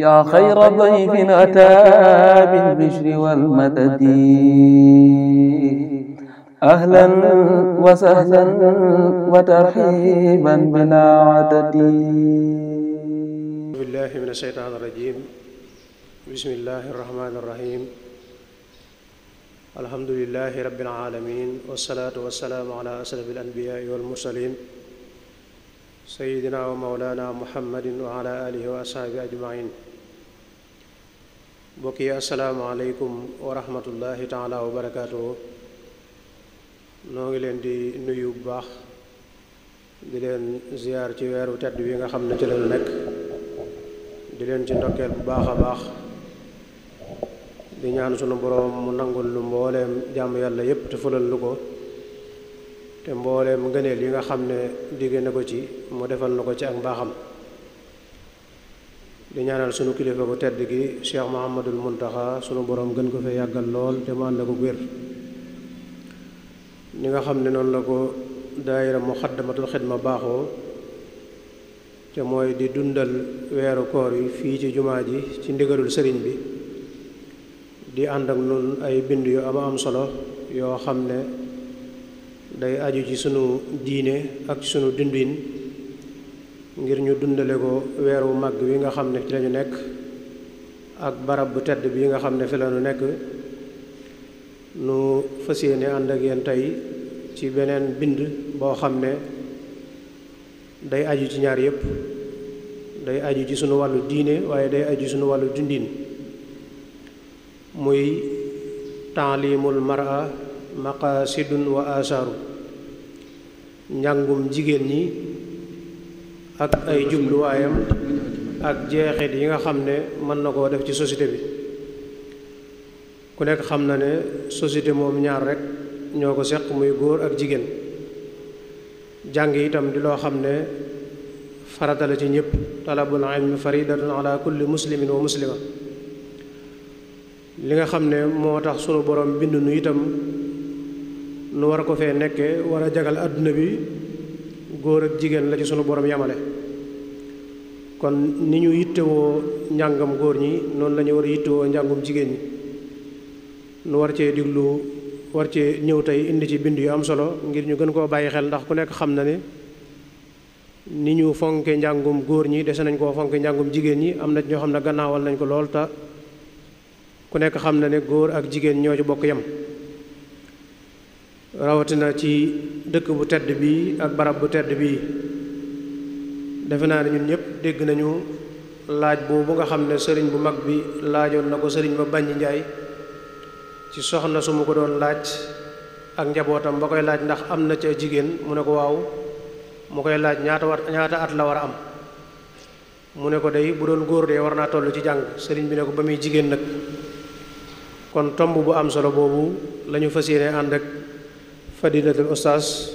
yaa xayra dayfin ataa bil bishri wal madadi ahlan wa sahlan wa tarhiiban bilaa adadi a'uuzu billaahi mina shaytaani rajiim bismillaahi rahmaani rahiim alhamdulillaahi rabbil aalamiin wa salaatu wa salaamu alaa ashrafil anbiyaa'i wal mursaliin sayyidina wa mawlana muhammadin wa ala wa ashaabi ajmain mbokk yi asalaamaaleykum wa rahmatullahi taala wa barakaatuhu noo ngi leen di nuyu bu baax di leen ziyaar ci weeru tedd wi nga xam ne ci lañu nekk di leen ci ndokkeel bu baax a baax di ñaan sunu boroom mu nangul lu mbooleem jàmm yàlla yépp te fulal lu ko te mbooleem ngëneel yi nga xam ne digge na ko ci mu defal na ko ci ak mbaaxam di ñaanal sunu kilifa ko tedd gi Cheikh Mouhamadul Muntaxa sunu boroom gën ko fee yàggal lool te mu ànd ko wér ni nga xam ne noonu la ko daayira Muxaddamatul ma baaxoo te mooy di dundal weeru koor yi fii ci jumaa ji ci ndigalul sëriñ bi di ànd ak nun ay bind yu ama am solo yoo xam ne day aju ci sunu diine ak sunu dunduin ngir ñu dundale ko weer wu mag wi nga xam ne ci lañu nekk ak barab bu tedd bi nga xam ne fi lañu nekk nu fas yéene ànd ak yéen tey ci beneen bind boo xam ne day aju ci ñaar yépp day aju ci sunu wàllu diine waaye day aju ci sunu wàllu dundiin muy taalimul mara maqaasidun wa asaaru njàngum jigéen ñi ak ay jubluwaayam ak jeexeet yi nga xam ne mën na koo def ci société bi ku nekk xam na ne société moom ñaar rek ñoo ko seq muy góor ak jigéen jàng itam di loo xam ne farata ci ñëpp talabul ilmi faridatun ala kulli muslimin wa muslima li nga xam ne moo tax sunu borom bind nu itam nu war a ko fee nekkee war a jagal àdduna bi góor ak jigéen la ci sunu borom yamale kon ni ñu yittewoo njàngam góor ñi noonu la war a yittewoo njàngum jigéen ñi nu war cee diglu war cee ñëw tey indi ci bind yu am solo ngir ñu gën koo bàyyi xel ndax ku nekk xam na ne ni ñu fonke njàngum góor ñi dese nañ ko fonke njàngum jigéen ñi am na ñoo xam ne gannaawal nañ ko lool te ku nekk xam na ne góor ak jigéen ñoo ci bokk yem rawatina ci dëkk bu tedd bii ak barab bu tedd bii defe naa ne ñun ñëpp dégg nañu laaj boobu nga xam ne sëriñ bu mag bi laajoon na ko sëriñ ba bàññi njaay ci soxna su ma ko doon laaj ak njabootam ba koy laaj ndax am na ca jigéen mu ne ko waaw mu koy laaj ñaata wat ñaata at la war a am mu ne ko day bu doon góor dee war naa toll ci jàng sëriñ bi ne ko ba muy jigéen nag kon tomb bu am solo boobu lañu fas yéene ànd ak fadilatul ustaas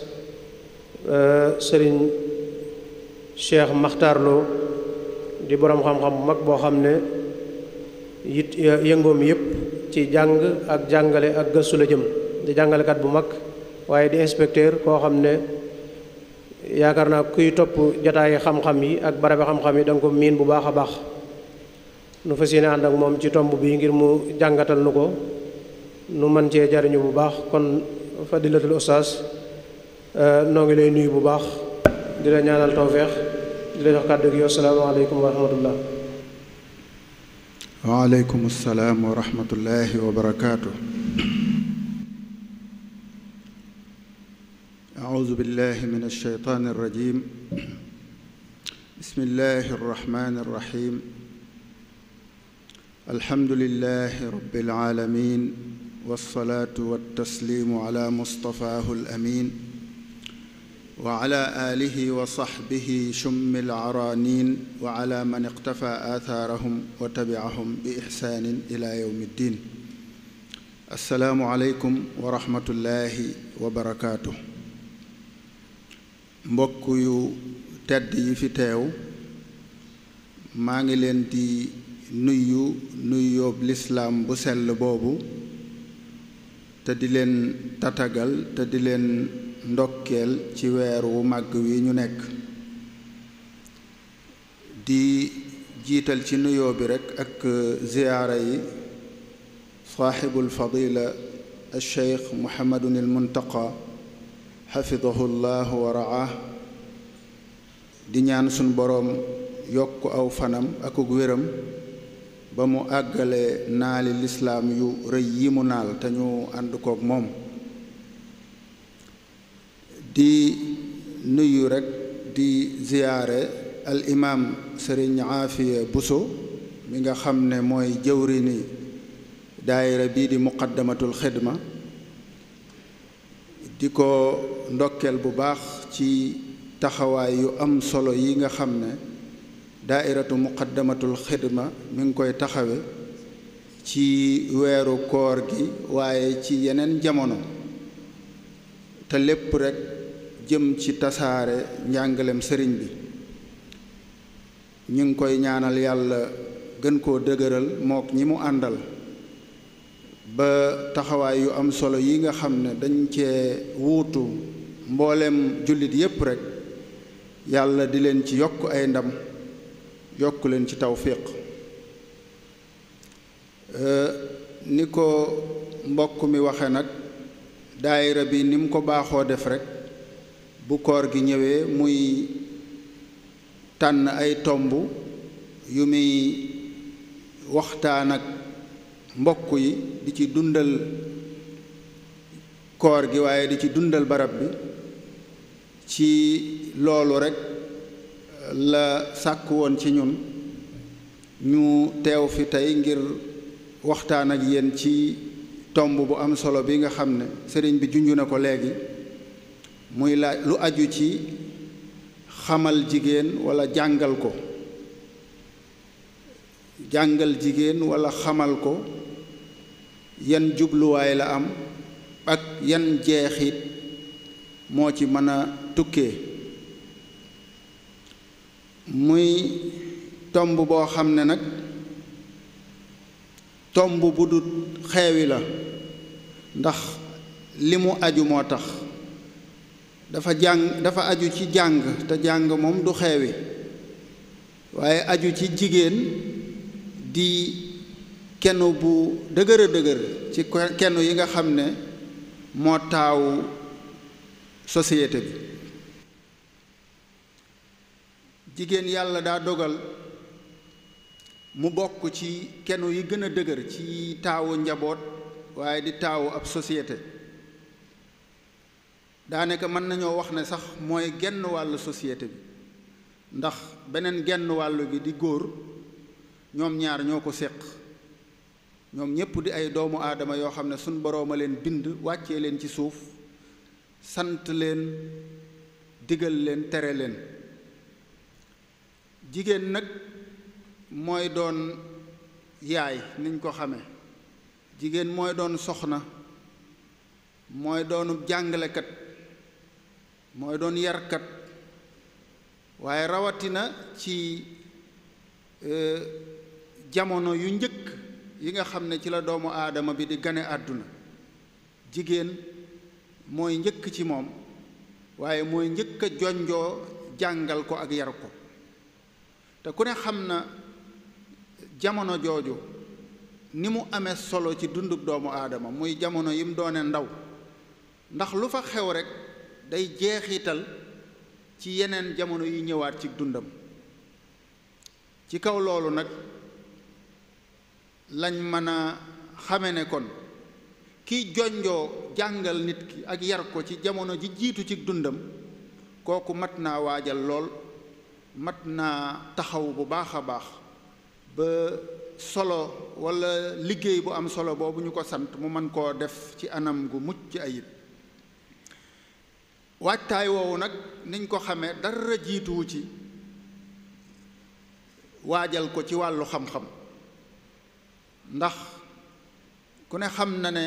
eh, sëriñ cheikh maxtaar di boroom xam-xam bu mag boo xam ne it yëngoom yëpp ci jàng ak jàngale ak gëstu jëm di jàngalekat bu mag waaye di inspecteur koo xam ne yaakaar naa kuy topp jataayi xam-xam yi ak barabi xam-xam yi da ko miin bu baax a baax nu fas yéene ànd ak moom ci tomb bii ngir mu jàngatal nu ko nu mën cee jariñu bu baax kon fadilatul ustaas euh, noo ngi lay nuyu bu baax di la ñaanal tawfeex di la jox kàddu gi asalaamaaleykum wa rahmatullah waaleykum salaam wa rahmatullahi wa barakaatu أعوذ بالله من walsalaatu waltasliimu ala mustafaahu alamin wa ala aalihi wa saxbihi cummi alcaraanin wa ala man iqtafa aathaarahum wa tabicahum bi ixsaanin ila yowmi ddin assalaamu aleykum wa rahmatullaahi wa barakaatu mbokk yu tedd yi fi teew maa ngi leen di nuyu nuyoob lislaam bu sell boobu te di leen tatagal te di leen ndokkeel ci weer wu màgg wi ñu nekk di jiital ci nuyoo bi rekk ak ziyaara yi saaxibul fadila al sheikh muhammadun al muntaqa xafidahu llahu wa di ñaan suñ boroom yokk aw fanam ak akuk wéram ba mu àggale naali lislaam yu rëy yi mu naal te ñu ànd koog moom di nuyu rekk di ziyaare al imaam sëriñ aafiya buso mi nga xam ne mooy jëwrini daayira bii di muqaddamatul xidma di ko ndokkeel bu baax ci taxawaay yu am solo yi nga xam ne daairatu muqaddamatul xidma mi ngi koy taxawe ci weeru koor gi waaye ci yeneen jamono te lépp rekk jëm ci tasaare njàngalem sëriñ bi ñu ngi koy ñaanal yàlla gën koo dëgëral mook ñi mu àndal ba taxawaay yu am solo yi nga xam ne dañ cee wuutu mboolem jullit yépp rekk yàlla di leen ci yokk ay ndam yokk leen ci tawfiq euh, ni ko mbokk mi waxe nag daayira bi ni mu ko baaxoo def rekk bu koor gi ñëwee muy tànn ay tomb yu muy waxtaan ak mbokk yi di ci dundal koor gi waaye di ci dundal barab bi ci loolu rekk la sàkk woon ci ñun ñu teew fi tey ngir waxtaan ak yéen ci tomb bu am solo bi nga xam ne sëriñ bi junju na ko léegi muy laaj lu aju ci xamal jigéen walla jàngal ko jàngal jigéen walla xamal ko yan jubluwaay la am ak yan jeexit moo ci mën a tukkee muy tomb boo xam ne nag tomb bu du xeewi la ndax li mu aju moo tax dafa jàng dafa aju ci jàng te jàng moom du xeewi waaye aju ci jigéen di kenu bu dëgër dëgër ci kenu yi nga xam ne moo taawu société bi jigéen yàlla daa dogal mu bokk ci kenu yi gën a dëgër ci taawu njaboot waaye di taawu ab société daanaka mën nañoo wax ne sax mooy genn wàllu société bi ndax beneen genn wàllu bi di góor ñoom ñaar ñoo ko séq ñoom ñépp di ay doomu aadama yoo xam ne suñ borooma leen bind wàccee leen ci suuf sant leen digal leen tere leen jigéen nag mooy doon yaay niñ ko xame jigéen mooy doon soxna mooy doonub jàngalekat mooy doon yarkat waaye rawatina ci e, jamono yu njëkk yi nga xam ne ci la doomu aadama bi di gane àdduna jigéen mooy njëkk ci moom waaye mooy njëkk a jonjoo jàngal ko ak yar ko te ku ne xam na jamono jooju ni mu amee solo ci dundub doomu aadama muy jamono yi mu doone ndaw ndax lu fa xew rekk day jeexital ci yeneen jamono yi ñëwaat ci dundam ci kaw loolu nag lañ mën a xame ne kon kiy jonjoo jàngal nit ki ak yar ko ci jamono ji jiitu ci dundam kooku mat naa waajal lool mat naa taxaw bu baax a baax ba solo wala liggéey bu am solo boobu ñu ko sant mu mën koo def ci anam gu mucc ci ayib waajtaay woowu nag niñ ko xamee dara jiituwu ci waajal ko ci wàllu xam-xam ndax ku ne xam na ne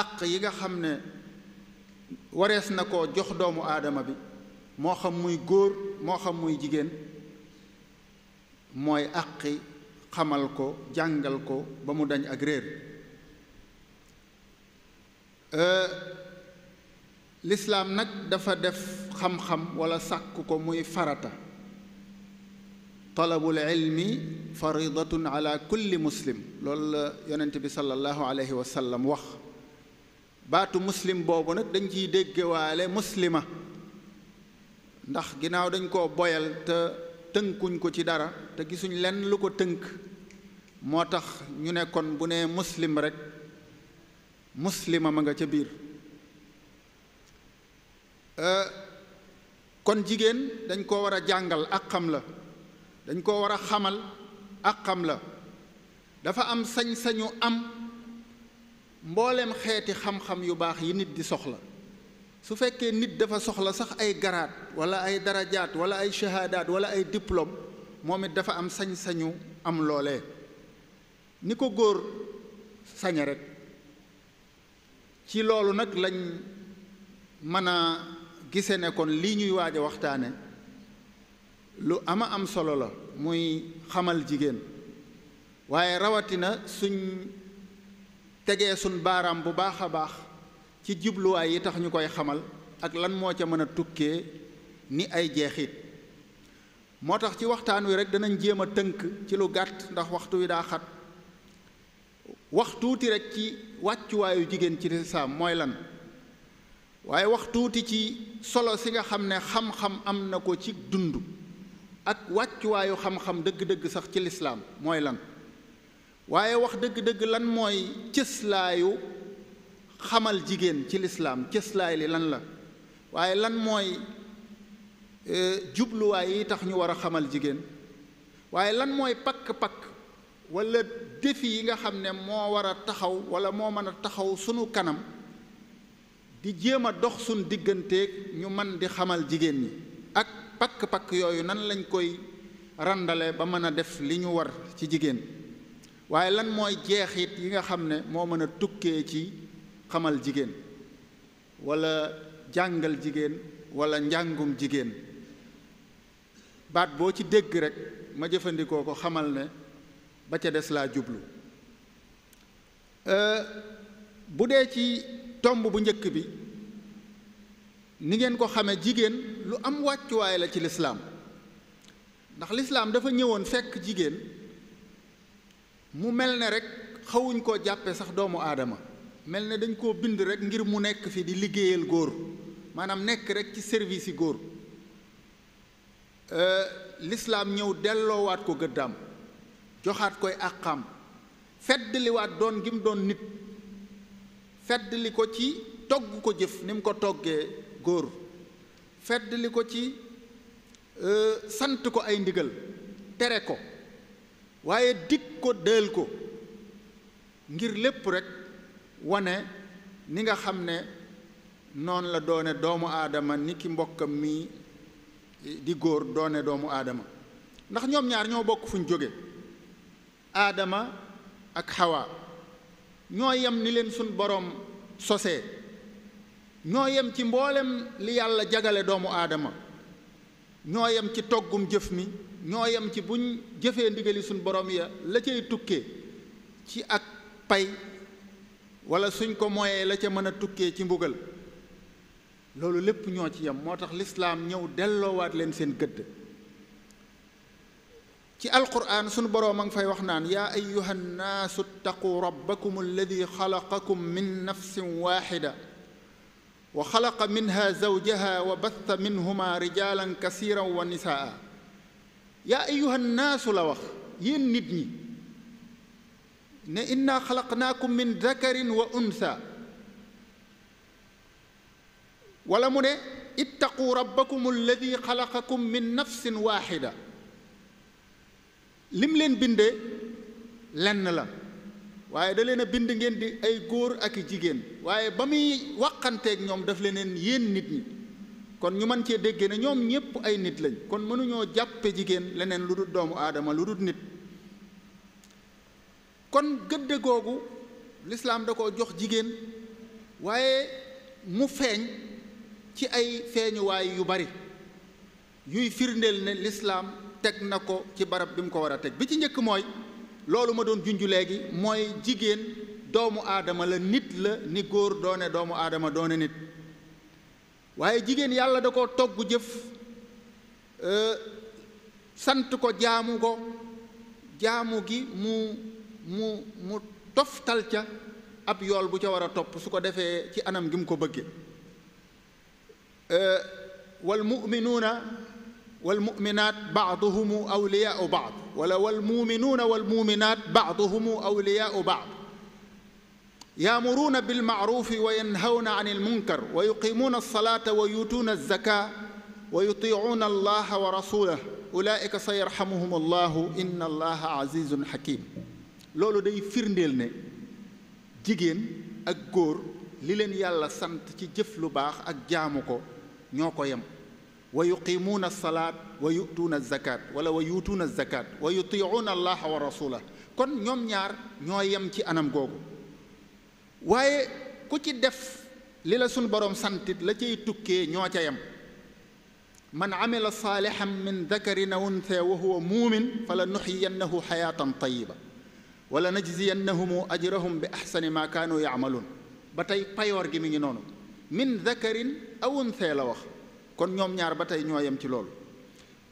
àq yi nga xam ne warees na ko jox doomu aadama bi moo xam muy góor moo xam muy jigéen mooy àqi xamal ko jàngal ko ba mu dañ ak réer euh, lislaam nag dafa def xam-xam walla sàkk ko muy farata talabul ilmi faridatun ala kulli muslim loolu la yonent bi sallallahu alayhi wa sallam wax baatu muslim boobu nag dañ ciy déggewaale muslima ndax ginnaaw dañ koo boyal te tënkuñ ko ci dara te gisuñ lenn lu ko tënk moo tax ñu ne kon bu nee muslim rek muslima ma nga ca biir euh, kon jigéen dañ koo war a jàngal ak xam la dañ koo war a xamal ak xam la dafa am sañ-sañu am mboolem xeeti xam-xam yu baax yi nit di soxla su fekkee nit dafa soxla sax ay garaat wala ay darajaat wala ay shahadaat wala ay diplôme moom it dafa am sañ-sañu am loole ni ko góor sañe rek ci loolu nag lañ mën a gise ne kon lii ñuy waaj a waxtaane lu ama am solo la muy xamal jigéen waaye rawatina suñ tegee suñ baaraam bu baax a baax ci jubluwaay yi tax ñu koy xamal ak lan moo ca mën a tukkee ni ay jeexit moo tax ci waxtaan wi rek danañ jéem a tënk ci lu gàtt ndax waxtu wi daa xat wax tuuti rek ci wàccuwaayu jigéen ci lislaam mooy lan waaye wax tuuti ci solo si nga xam ne xam-xam am na ko ci dund ak wàccuwaayu xam-xam dëgg-dëgg sax ci lislaam mooy lan waaye wax dëgg-dëgg lan mooy cëslaayu xamal jigéen ci lislaam cëslaay li lan la waaye lan mooy e, jubluwaay yi tax ñu war a xamal jigéen waaye lan mooy pakk-pakk wala défi yi nga xam ne moo war a taxaw wala moo mën a taxaw sunu kanam di jéem a dox suñ digganteeg ñu man di xamal jigéen ñi ak pakk-pakk yooyu nan lañ koy randale ba mën a def li ñu war ci jigéen waaye lan mooy jeexiit yi nga xam ne moo mën a tukkee ci xamal jigéen wala jàngal jigéen walla njàngum jigéen baat boo ci dégg rekk ma jëfandikoo ko xamal ne ba ca des laa jublu euh, bu dee ci tomb bu njëkk bi ni ngeen ko xame jigéen lu am wàccuwaay la ci lislaam ndax lislaam dafa ñëwoon fekk jigéen mu mel ne rek xawuñ koo jàppe sax doomu aadama mel ne dañ koo bind rek ngir mu nekk fi di liggéeyal góor maanaam nekk rek ci service yi góor euh, lislaam ñëw delloowaat ko gëddaam joxaat koy àqam feddliwaat doon gi mu doon nit feddli ko ci togg ko jëf ni mu ko toggee góor feddli ko ci euh, sant ko ay ndigal tere ko waaye dig ko dël ko ngir lépp rek wane ni nga xam ne noonu la doone doomu aadama ni ki mbokkam mi di góor doone doomu aadama ndax ñoom ñaar ñoo bokk fu ñu jóge aadama ak xawaa ñoo yem ni leen suñ boroom sosee ñoo yem ci mboolem li yàlla jagale doomu aadama ñoo yem ci toggum jëf mi ñoo yem ci buñ jëfee ndigali suñ borom ya la cay tukke ci ak pay wala suñ ko moyee la ca mën a tukkee ci mbugal loolu lépp ñoo ci yem moo tax lislaam ñëw delloowaat leen seen gëdd ci alquran sunu boroom a ngi fay wax naan yaa ayuha nnaasu ttaqu rabbakum alladi xalaqakum min nafsin waaxida wa xalaqa minha zawjaha wa batha minhuma rijalan kasiran wa nisaa yaa ayuha nnaasu la wax yéen nit ñi ne inna xalaqnaakum min dakarin wa untha wala mu ne ittaqu rabbakum alladi xalaqakum min nafsin waaxida lim leen bindee lenn la waaye da leen bind ngeen di ay góor ak i jigéen waaye ba muy waqanteeg ñoom daf leneen yéen nit ñi kon ñu mën cee déggee ne ñoom ñépp ay nit lañ kon mënuñoo jàppe jigéen leneen lu dul doomu aadama lu dul nit kon gëdd googu lislaam da ko jox jigéen waaye mu feeñ ci ay feeñuwaay yu bari yuy firndeel ne lislaam teg na ko ci barab bi mu ko war a teg bi ci njëkk mooy loolu ma doon junj léegi mooy jigéen doomu aadama la nit la ni góor doone doomu aadama doone nit waaye jigéen yàlla da ko togg jëf euh, sant ko jaamu ko jaamu gi mu mu mu toftal ca ab yool bu ca war a topp su ko defee ci anam gi mu ko bëgge euh, wal muminuuna wal muminaat baaduhumu awliyaau baad wala wal muminuuna wal muminaat baaduhumu awliyaau baad yaamuruuna bilmaarufi wa yanhawna an ilmunkar wa yuqimuuna alsalaata wa yuutuuna alzaka wa yutiicuuna allaha wa rasulah ulaika sa yarxamuhum allahu inna allaha azizun xakim loolu day firndeel ne jigéen ak góor li leen yàlla sant ci jëf lu baax ak jaamu ko ñoo ko yem wa yuqimuuna salaat wa yutuuna zakat wala wa yutuuna zakat wa yutiuuna allaha wa rasula kon ñoom ñaar ñoo yem ci anam googu waaye ku ci def li la suñ boroom santit la cay tukkee ñoo ca yem man amila saalihan min dakarin aw untha wa huwa muumin fa la nuxiyannahu xayaatan tayiba wala najziyannahum ajrahum bi ahsani ma kaanu yaamaluun ba tey payoor gi mi ngi noonu min zakarin aw unthaa la wax kon ñoom ñaar ba tey ñoo yem ci loolu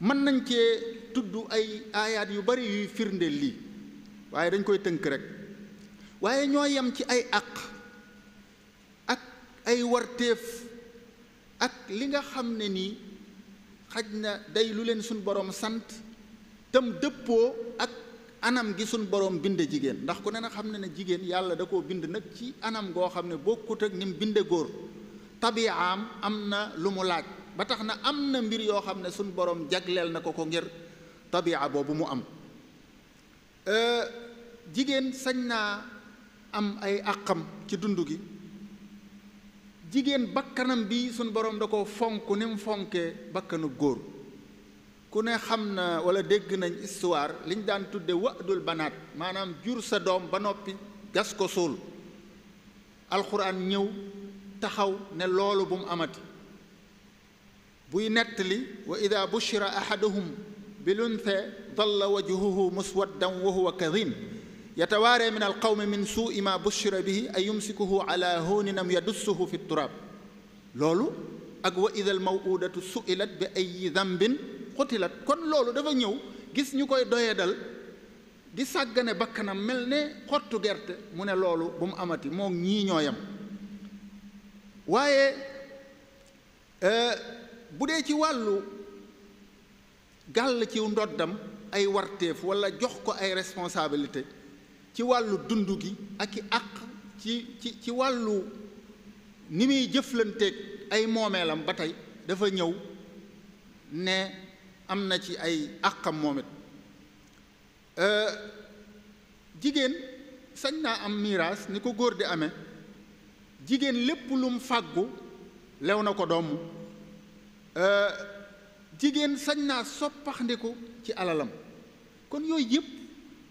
mën nañ cee tudd ay aayaat yu bari yuy firndeel lii waaye dañ koy tënk rek waaye ñoo yem ci ay àq ak ay warteef ak li nga xam ne nii xaj na day lu leen suñ borom sant tam dëppoo ak anam gi suñ borom binde jigéen ndax ku ne na xam ne ne jigéen yàlla da koo bind nag ci anam goo xam ne bokkut ak ni mu binde góor tabiaam am na lu mu laaj ba tax na am na mbir yoo xam ne suñ boroom jagleel na ko ko ngir tabia boobu mu am euh, jigéen sañ naa am ay àqam ci dund gi jigéen bakkanam bi suñ borom da ko fonk ni mu fonkee bakkanu góor ku ne xam na wala dégg nañ histoire liñ daan tudde wa'dul banaat maanaam jur sa doom ba noppi gas ko suul alxuraan ñëw taxaw ne loolu bu mu amati buy nettali wa ida bushira ahaduhum bil unthaa dalla wajhuhu muswaddan wa huwa kadhim yatawaaree min alqawmi min suui ma bushira bihi ay yumsikuhu ala huunin yadussuhu fi turaab loolu ak wa ida almawuudatu suilat bi ay dambin xutilat kon loolu dafa ñëw gis ñu koy doyee dal di sàggane bakkanam mel ne xottu gerte mu ne loolu bu mu amati moo ñii ñoo yem waaye euh, bu dee ci wàllu gàll ci ndoddam ay warteef walla jox ko ay responsabilité ci wàllu dund gi ak i àq ci ci ci wàllu ni muy jëflanteek ay moomeelam ba tey dafa ñëw ne am na ci ay àqam moom it euh, jigéen sañ naa am miiras ni ko góor di amee jigéen lépp lum fàggu lew na ko doom euh, jigéen sañ naa soppaxndiku ci alalam kon yooyu yëpp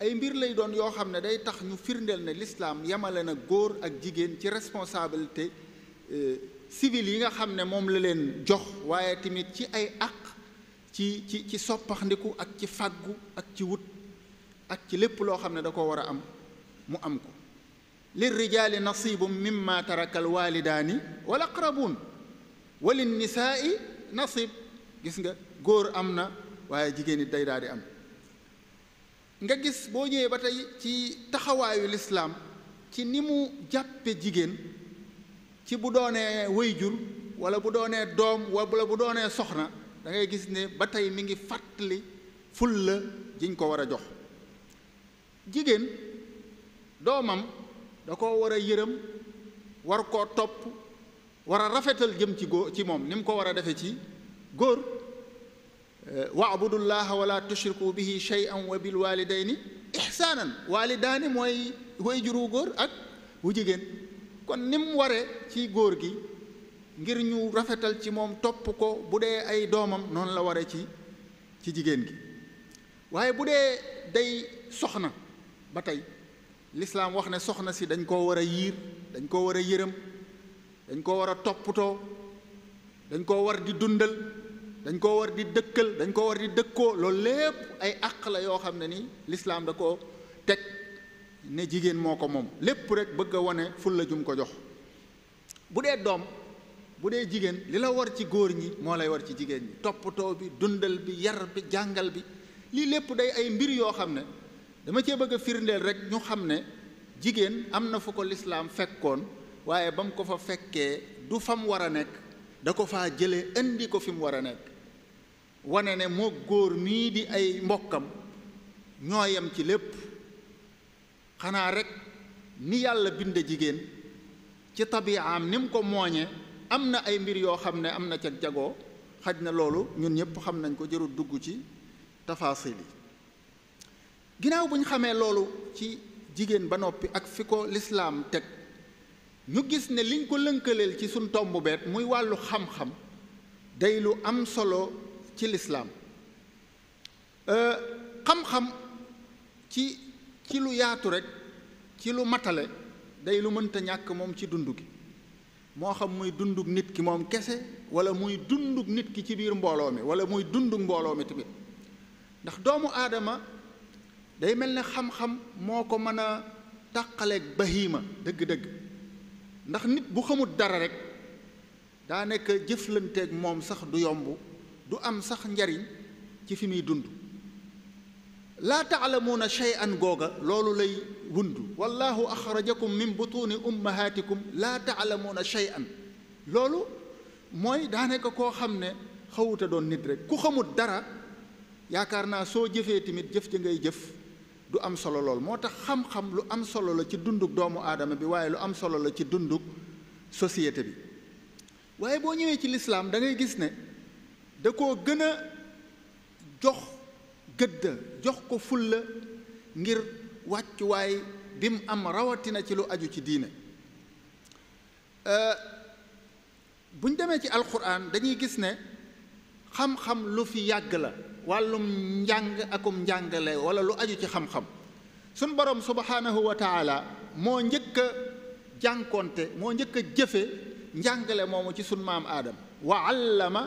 ay mbir lay doon yoo xam ne day tax ñu firndeel ne lislaam yamale na góor ak jigéen ci responsabilité euh, civile yi nga xam ne moom la leen jox waaye tamit ci ay àq ci ci ci soppaxndiku ak ci fàggu ak ci wut ak ci lépp loo xam ne da ko war a am mu am ko lir rijaali nasibum mimma taraka al waalidaani wal aqrabuun walin nisaai nasib gis nga góor am na waaye jigéen it day daal di am nga gis boo ñëwee ba tey ci taxawaayu lislaam ci ni mu jàppe jigéen ci bu doonee wëyjur wala bu doonee doom wala bu doonee soxna da ngay gis ne ba tey mi ngi fàttali fulla la jiñ ko war a jox jigéen doomam da ko war a yërëm war koo topp war a rafetal jëm ci góor ci moom ni mu ko war a defe ci góor eh, waabudullaha wala tushriku bihi shay'an wa bil walidayni ihsaanan waalidaani mooy way juru góor ak wu jigéen kon ni mu waree ci góor gi ngir ñu rafetal ci moom topp ko bu dee ay doomam noonu la ware ci ci jigéen gi waaye bu dee day soxna ba tey lislaam wax ne soxna si dañ koo war a yiir dañ koo war a yërëm dañ koo war a toppatoo dañ koo war di dundal dañ koo war di dëkkal dañ koo war di dëkkoo loolu lépp ay àq la yoo xam ne ni lislaam da koo teg ne jigéen moo ko moom lépp rek bëgg a wane ful jum ko jox bu dee doom bu dee jigéen li la war ci góor ñi moo lay war ci jigéen ñi toppatoo bi dundal bi yar bi jàngal bi lii lépp day ay mbir yoo xam ne dama cee bëgg a firndeel rek ñu xam ne jigéen am na fu ko lislaam fekkoon waaye ba mu ko fa fekkee du fa mu war a nekk da ko fa jëlee indi ko fi mu war a nekk wane ne moo góor mii di ay mbokkam ñoo yem ci lépp xanaa rek ni yàlla binde jigéen ci tabiaam ni mu ko mooñee am na ay mbir yoo xam ne am na ca jagoo xaj na loolu ñun ñëpp xam nañ ko jërul dugg ci tafaasil yi ginnaaw bu ñu xamee loolu ci jigéen ba noppi ak fi ko lislaam teg ñu gis ne liñ ko lënkaleel ci suñ tomb beet muy wàllu xam-xam day lu am solo ci lislaam euh, xam-xam ci ci lu yaatu rek ci lu matale day lu mënta ñàkk moom ci dund gi moo xam muy dundug nit ki moom kese wala muy dundug nit ki ci biir mbooloo mi wala muy dundug mbooloo mi tamit ndax doomu aadama day mel ni xam-xam moo ko mën a tàqaleeg bahima dëgg-dëgg ndax nit bu xamul dara rek daa nekk jëflanteeg moom sax du yomb du am sax njariñ ci fi muy dund laa taalamuuna shay'an googa loolu lay wundu wallahu axrajakum min butuuni ummahatikum laa taalamuuna shay'an loolu mooy daanaka koo xam ne xawuta doon nit rek ku xamut dara yaakaar naa soo jëfee tamit jëf ja ngay jëf du am solo lool moo tax xam-xam lu am solo la ci dundug doomu aadama bi waaye lu am solo la ci dundug société bi waaye boo ñëwee ci lislaam dangay gis ne da koo gën a jox gëdd jox ko fulla ngir wàccuwaay bi mu am rawatina ci lu aju ci diine euh, bu ñu demee ci alxuraan dañuy gis ne xam-xam lu fi yàgg la wàllum njàng akum njàngale wala lu aju ci xam-xam sun borom subhaanahu wa moo njëkk jànkonte moo njëkk jëfe njàngale moomu ci sun maam aadama wa allama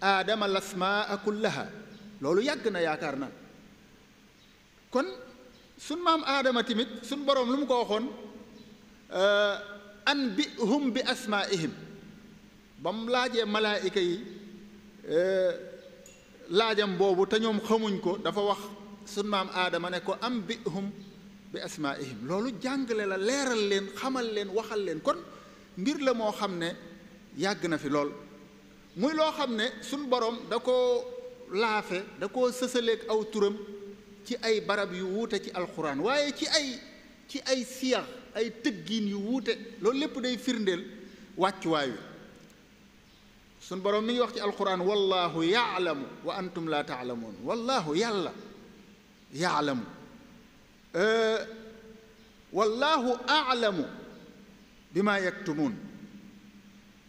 aadama lasmaa kullaha loolu yàgg na yaakaar na kon suñ maam aadama tamit suñ boroom lu mu ko waxoon an bi hum bi asmaihim ba mu laajee malaayika yi laajam boobu te ñoom xamuñ ko dafa wax sun maam aadama ne ko am bi hum bi asmaihim loolu jàngale la leeral leen xamal leen waxal leen kon ngir la moo xam ne yàgg na fi lool muy loo xam ne sun boroom da ko laafe da koo sësaleeg aw turam ci ay barab yu wuute ci alxuraan waaye ci ay ci ay siyax ay tëggiin yu wuute loolu lépp day firndeel wàccuwaay wi suñ boroom mi ngi wax ci alxuraan wallaahu yaalamu wa antum laa taalamuun wallaahu yàlla yaalamu wallaahu aalamu bi maa yaktumuun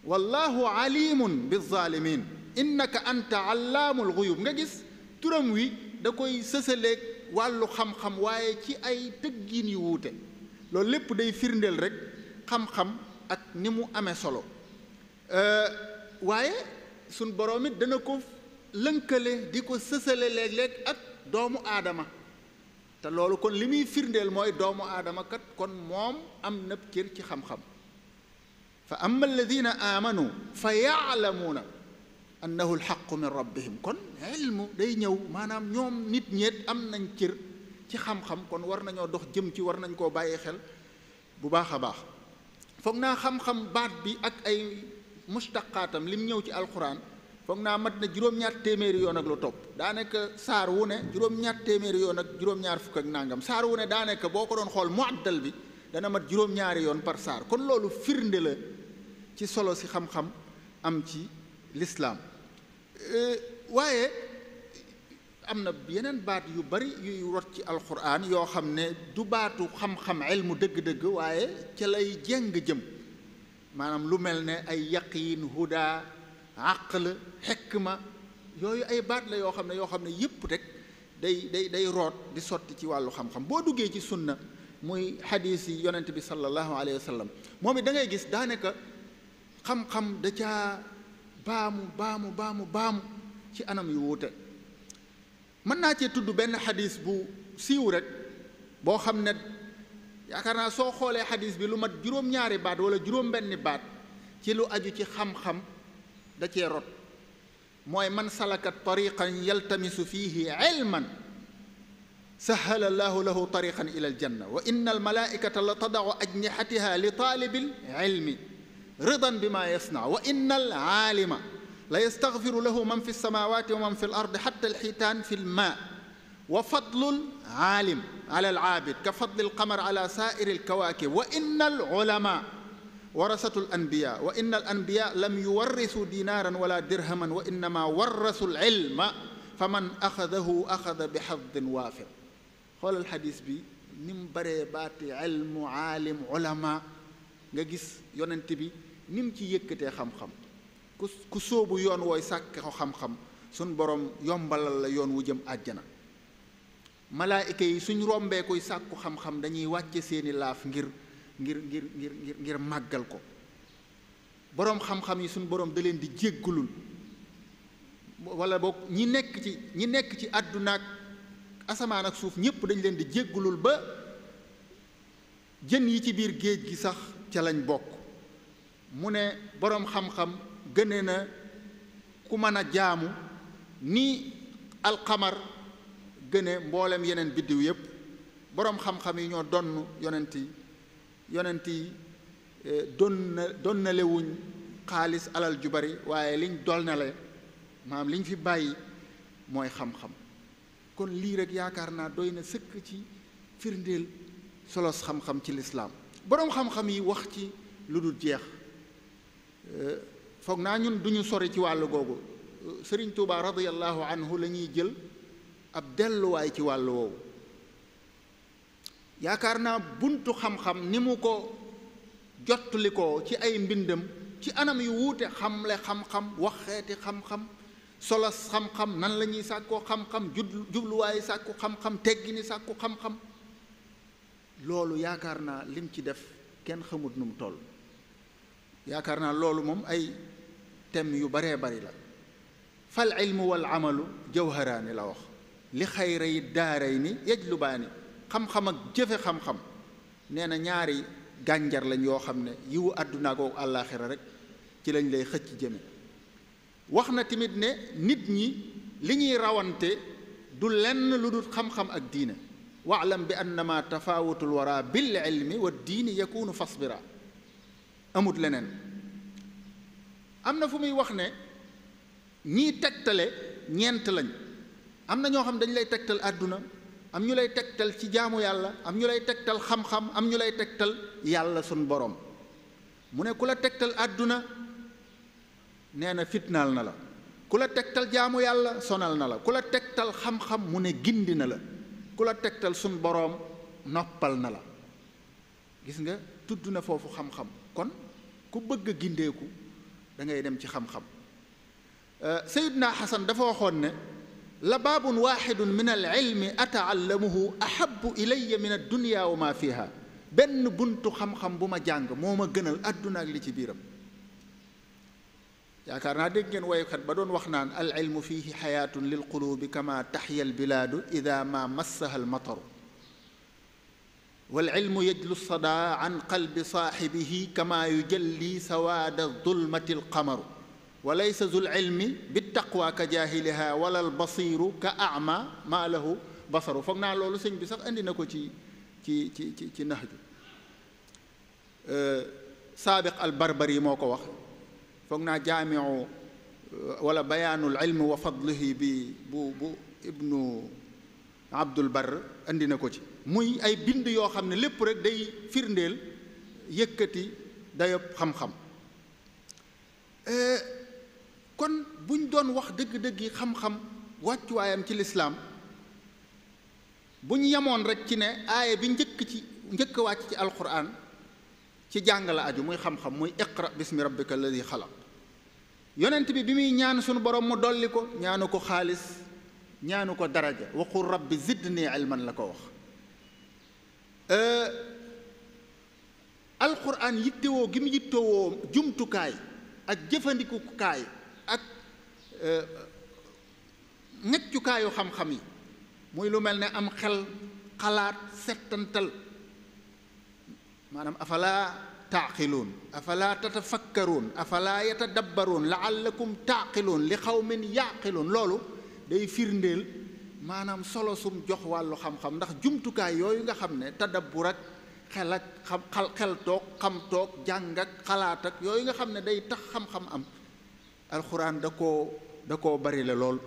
wallaahu alimun bi zaalimiin innaka anta allaamul xuyub nga gis turam wi da koy sësaleeg wàllu xam-xam waaye ci ay tëggiin yu wuute loolu lépp day firndeel rek xam-xam ak ni mu amee solo euh, waaye suñ boroom it dana ko lënkale di ko sësale léeg-léeg ak doomu aadama te loolu kon li muy firndeel mooy doomu aadama kat kon moom am na cër ci xam-xam fa amma alladina amanu fa yaalamuuna annahu alxaqu min rabbihim kon ilmu day ñëw maanaam ñoom nit ñeet am nañ cër ci xam-xam kon war nañoo dox jëm ci war nañ koo bàyyi xel bu baax a baax foog naa xam-xam baat bi ak ay mustaqaatam lim ñëw ci alquran foog naa mat na juróom-ñaar téeméeri yoon ak lu topp daanaka saar wu ne juróom-ñaar téeméeri yoon ak juróom fukk ak nangam saar wu ne daanaka boo ko doon xool muaddal bi dana mat juróom-ñaari yoon par saar kon loolu firnde la ci solo si xam-xam am ci lislaam Euh, waaye am na yeneen baat yu bari yuy rot ci alxuraan yoo xam ne du baatu xam-xam mu dëgg-dëgg waaye ca lay jeng jëm maanaam lu mel ne ay yaqiin huda aql xikma yooyu ay baat la yoo xam ne yoo xam ne yëpp rek day day day root di sotti ci wàllu xam-xam boo duggee ci sunna muy xadiis yi yonent bi sallallahu alayhi wa moom it da ngay gis daanaka xam-xam da caa baamu baamu baamu baamu ci anam yu wuute mën naa cee tudd benn xadis bu siw rek boo xam ne yaakaar naa soo xoolee xadis bi lu mat juróom-ñaari baat wala juróom-benni baat ci lu aju ci xam-xam da cee rot mooy man salaka tariqan yaltamisu fihi ilman sahala allahu lahu tariqan ila aljanna wa inna almalaikata la tadau ajnihatiha li taalibil ilmi ridan bi maa yasna wa inna al aalima la yastaxfiru lahu man fi lsamawati wa man fi l ard xata alxiitaan fi lma wa fadlu laalim ala alaabid ka fadli alqamar ala saairi alkawaakib wa inna alulama warasatu alanbiya wa inna alanbiya lam yuwarrisu dinaaran wala dirhaman wa innama warasu alilma fa man axadahu axada bi xadin waafir xoolal xadis bi ni mu baree baati ilmu aalim ulama nga gis yonent bi ni ci yëkkatee xam-xam ku ku yoon wooy sàkk ko xam-xam suñ borom yombalal la yoon wu jëm àjjana malaayika yi suñ rombee koy sàkku xam-xam dañuy wàcce seeni laaf ngir ngir ngir ngir ngir ngir màggal ko boroom xam-xam yi suñ borom da leen di jéggalul wala boog ñi nekk ci ñi nekk ci àddunaak asamaan ak suuf ñépp dañ leen di jéggalul ba jën yi ci biir géej gi sax ca lañ bokk mu ne boroom xam-xam gëne na ku mën a jaamu ni alxamar gëne mboolem yeneen biddiw yépp boroom xam-xam yi ñoo donn yonent yi yonent yi eh, don na donnalewuñ xaalis alal ju bari waaye liñ dolnale maam liñ fi bàyyi mooy xam-xam kon lii rek yaakaar naa doy na sëkk ci firndeel solos xam-xam ci lislaam boroom xam-xam yi wax ci lu dul jeex Eh, foog naa ñun duñu sori ci wàllu googu eh, sëriñ Tuubaa radiyallahu anhu la ñuy jël ab delluwaay ci wàllu woowu yaakaar naa buntu xam-xam ni mu ko jottali ko ci ay mbindam ci anam yu wuute xamle xam-xam waxeeti xam-xam solos xam-xam nan lañuy ñuy sàkkoo xam-xam jubluwaayu sàkku xam-xam teggini sàkku xam-xam loolu yaakaar naa lim ci def kenn xamut nu mu toll yaakaar naa loolu moom ay thèmes yu baree bari la fal ilmu wal amalu jawharaani la wax li xayray daaray ni yajlubaani xam-xam ak jëfe xam-xam nee na ñaari gànjar lañ yoo xam ne yiwu àdduna ko àllaaxira rek ci lañ lay xëcc jëme wax na tamit ne nit ñi li ñuy rawante du lenn lu dul xam-xam ak diine waalam bi annama tafaawutul wara bil ilmi wa diini yakunu fasbira amut leneen am na fu muy wax ne ñii tegtale ñeent lañ am na ñoo xam dañ lay tegtal àdduna am ñu lay tegtal ci jaamu yàlla am ñu lay tegtal xam-xam am ñu lay tegtal yàlla sun boroom mu ne ku la tegtal àdduna nee na fitnaal na la ku la tegtal jaamu yàlla sonal na la ku la tegtal xam-xam mu ne gindi na la ku la tegtal sun boroom noppal na la gis nga tudd na foofu xam-xam kon ku bëgg a dangay dem ci xam-xam euh, sayidna xasan dafa waxoon ne la baabun waaxidun min al ilmi ataallamuhu ahabu ilaya min addunia wa ma fiha benn buntu xam-xam bu ma jàng moo ma gënal àdduna ak li ci biiram yaakaar naa dégg ngeen woykat ba doon wax naan al ilmu fihi xayaatun lil qulubi kama taxya al bilaadu ida ma massaha walilmu yajlu sada an qalbi saaxibihi kama yujalli sawaada dulmati alqamaru wa laysa zul ilmi bittaqwa ka jaahiliha wala albasiru ka ama maa lahu basaru foog naa loolu sëñ bi sax indi na ko ci ci ci ci ci nax ju saabiq al barbari moo ko wax foog naa jaamiu wala bayaanul ilmi wa fadlihi bi bu bu ibnu abdul bar indi na ko ci muy ay bind yoo xam ne lépp rek day firndeel yëkkati dayob xam-xam euh, kon buñ doon wax dëgg-dëgg xam-xam wàccuwaayam ci lislaam bu ñu yemoon rek ci ne aaya bi njëkk ci njëkk wàcc ci alquran ci jàng la aju muy xam-xam muy iqra bismi rabbika alladi xalaq yonent bi bi muy ñaan sunu borom mu dolli ko ñaanu ko xaalis ñaanu ko daraja wa qul rabbi zidni ilman la ko wax Euh, alquran yittewoo gi mu yittewoo jumtukaay ak jëfandikukaay ak euh, neccukaayu xam-xam yi muy lu mel ne am xel xalaat setantal maanaam afalaa taaqiluun afalaa tatafakkaruun afalaa yatadabbaruun laallakum taaqiluun li xaw xawmin yaaqiluun loolu day firndeel maanaam solo sum jox wàllu xam-xam ndax jumtukaay yooyu nga xam ne tadabbur ak xel ak xam xel toog xam toog jàng xalaat ak yooyu nga xam ne day tax xam-xam am alxuraan da ko da koo bari la lool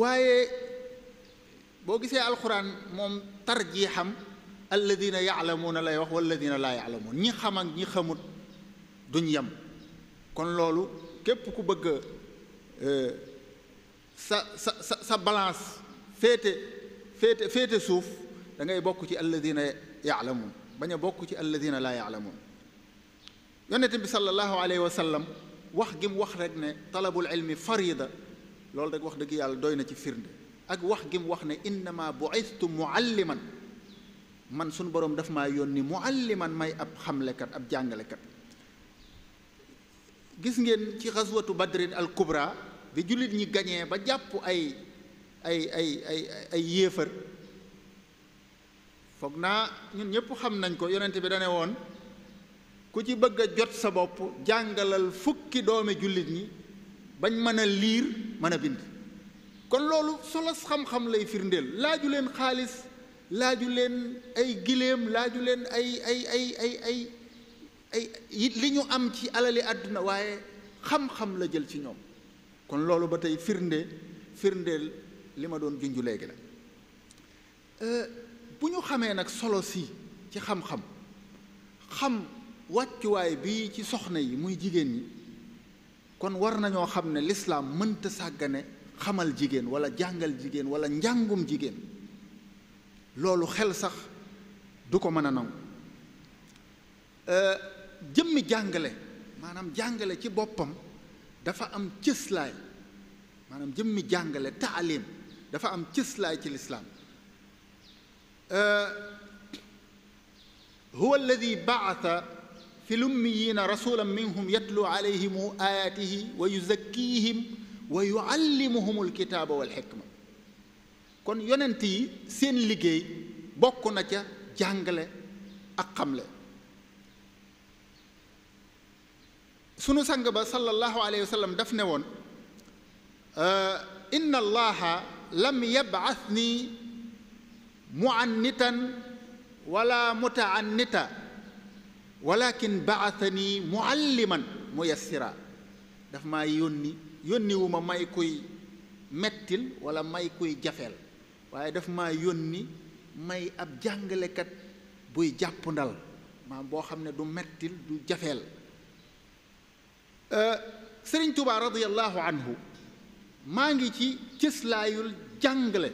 waaye boo gisee alxuraan moom xam tarjiixam alladina yaalamuuna lay wax walladina laa yaalamuun ñi xam ak ñi xamut duñ yem kon loolu képp ku bëgg euh, sa sa sa sa balance féete féete féete suuf da ngay bokk ci alladina yaalamuun bañ a bokk ci alladina laa yaalamuun yonent bi sallallahu alayhi wa sallam wax gi mu wax rek ne talabul ilmi farida loolu rek wax dëgg yàlla doy na ci firnde ak wax gi mu wax ne innama buistu mualliman man suñu borom daf maa yónni mualliman may ab xamlekat ab jàngalekat gis ngeen ci xaswatu badrin al kubra bi jullit ñi gañee ba jàpp ay ay ay ay ay yéefar foog naa ñun ñëpp xam nañ ko yonent bi dane woon ku ci bëgg a jot sa bopp jàngalal fukki doomi jullit ñi bañ mën a liir mën a bind kon loolu solos xam-xam lay firndeel laaju leen xaalis laaju leen ay giléem laaju leen ay ay ay ay ay ay li ñu am ci alali àdduna waaye xam-xam la jël ci ñoom kon loolu ba tey firnde firndeel li ma doon junj léegi la euh, bu ñu xamee nag solo si ci xam-xam xam wàccuwaay bi ci soxna yi muy jigéen ñi kon war nañoo xam ne lislaam mënta sàggane xamal jigéen wala jàngal jigéen wala njàngum jigéen loolu xel sax du ko mën a nangu euh, jëmmi jàngale maanaam jàngale ci boppam dafa am cëslaay maanaam jëmmi jàngale taalim dafa am cëslaay ci lislaam euh, huwa alladi baata fi lummiyiina rasulan minhum yatlu alayhim ayaatihi wa yuzakkiihim wa yuallimuhum alkitaaba walxikma kon yonent yi seen liggéey bokk na ca jàngale ak xamle sunu sang ba sallallahu alayhi wa sallam ne woon inna allaha lam yab'athni mu'annitan wala muta'annita walakin ba'athani mu'alliman muyassira daf maa yónni yónniwu ma may kuy mettil wala may kuy jafeel waaye daf maa yónni may ab jàngalekat buy jàppandal maam boo xam ne du mettil du jafeel Euh, sëriñ Tuubaa radiyallahu anhu maa ngi ci cëslaayul jàngale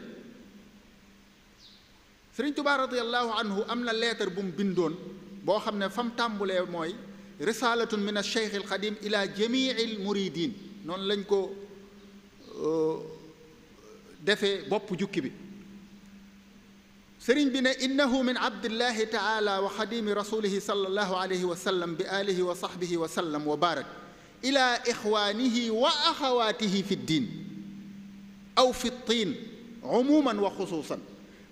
sëriñ Tuubaa radiyallahu anhu am na leetar bu mu bindoon boo xam ne fa mu tàmbulee mooy risaalatun min ash-shaykh al-xadim ila jamiil muridin noonu lañ ko euh, defee bopp jukki bi sëriñ bi ne innahu min abdillahi taala wa xadimi rasulihi sallallahu alayhi wa sallam bi alihi wa sahbihi wa sallam wa baarak ila ixwaanihi wa axawaatihi fi diin aw fi tiin umuman wa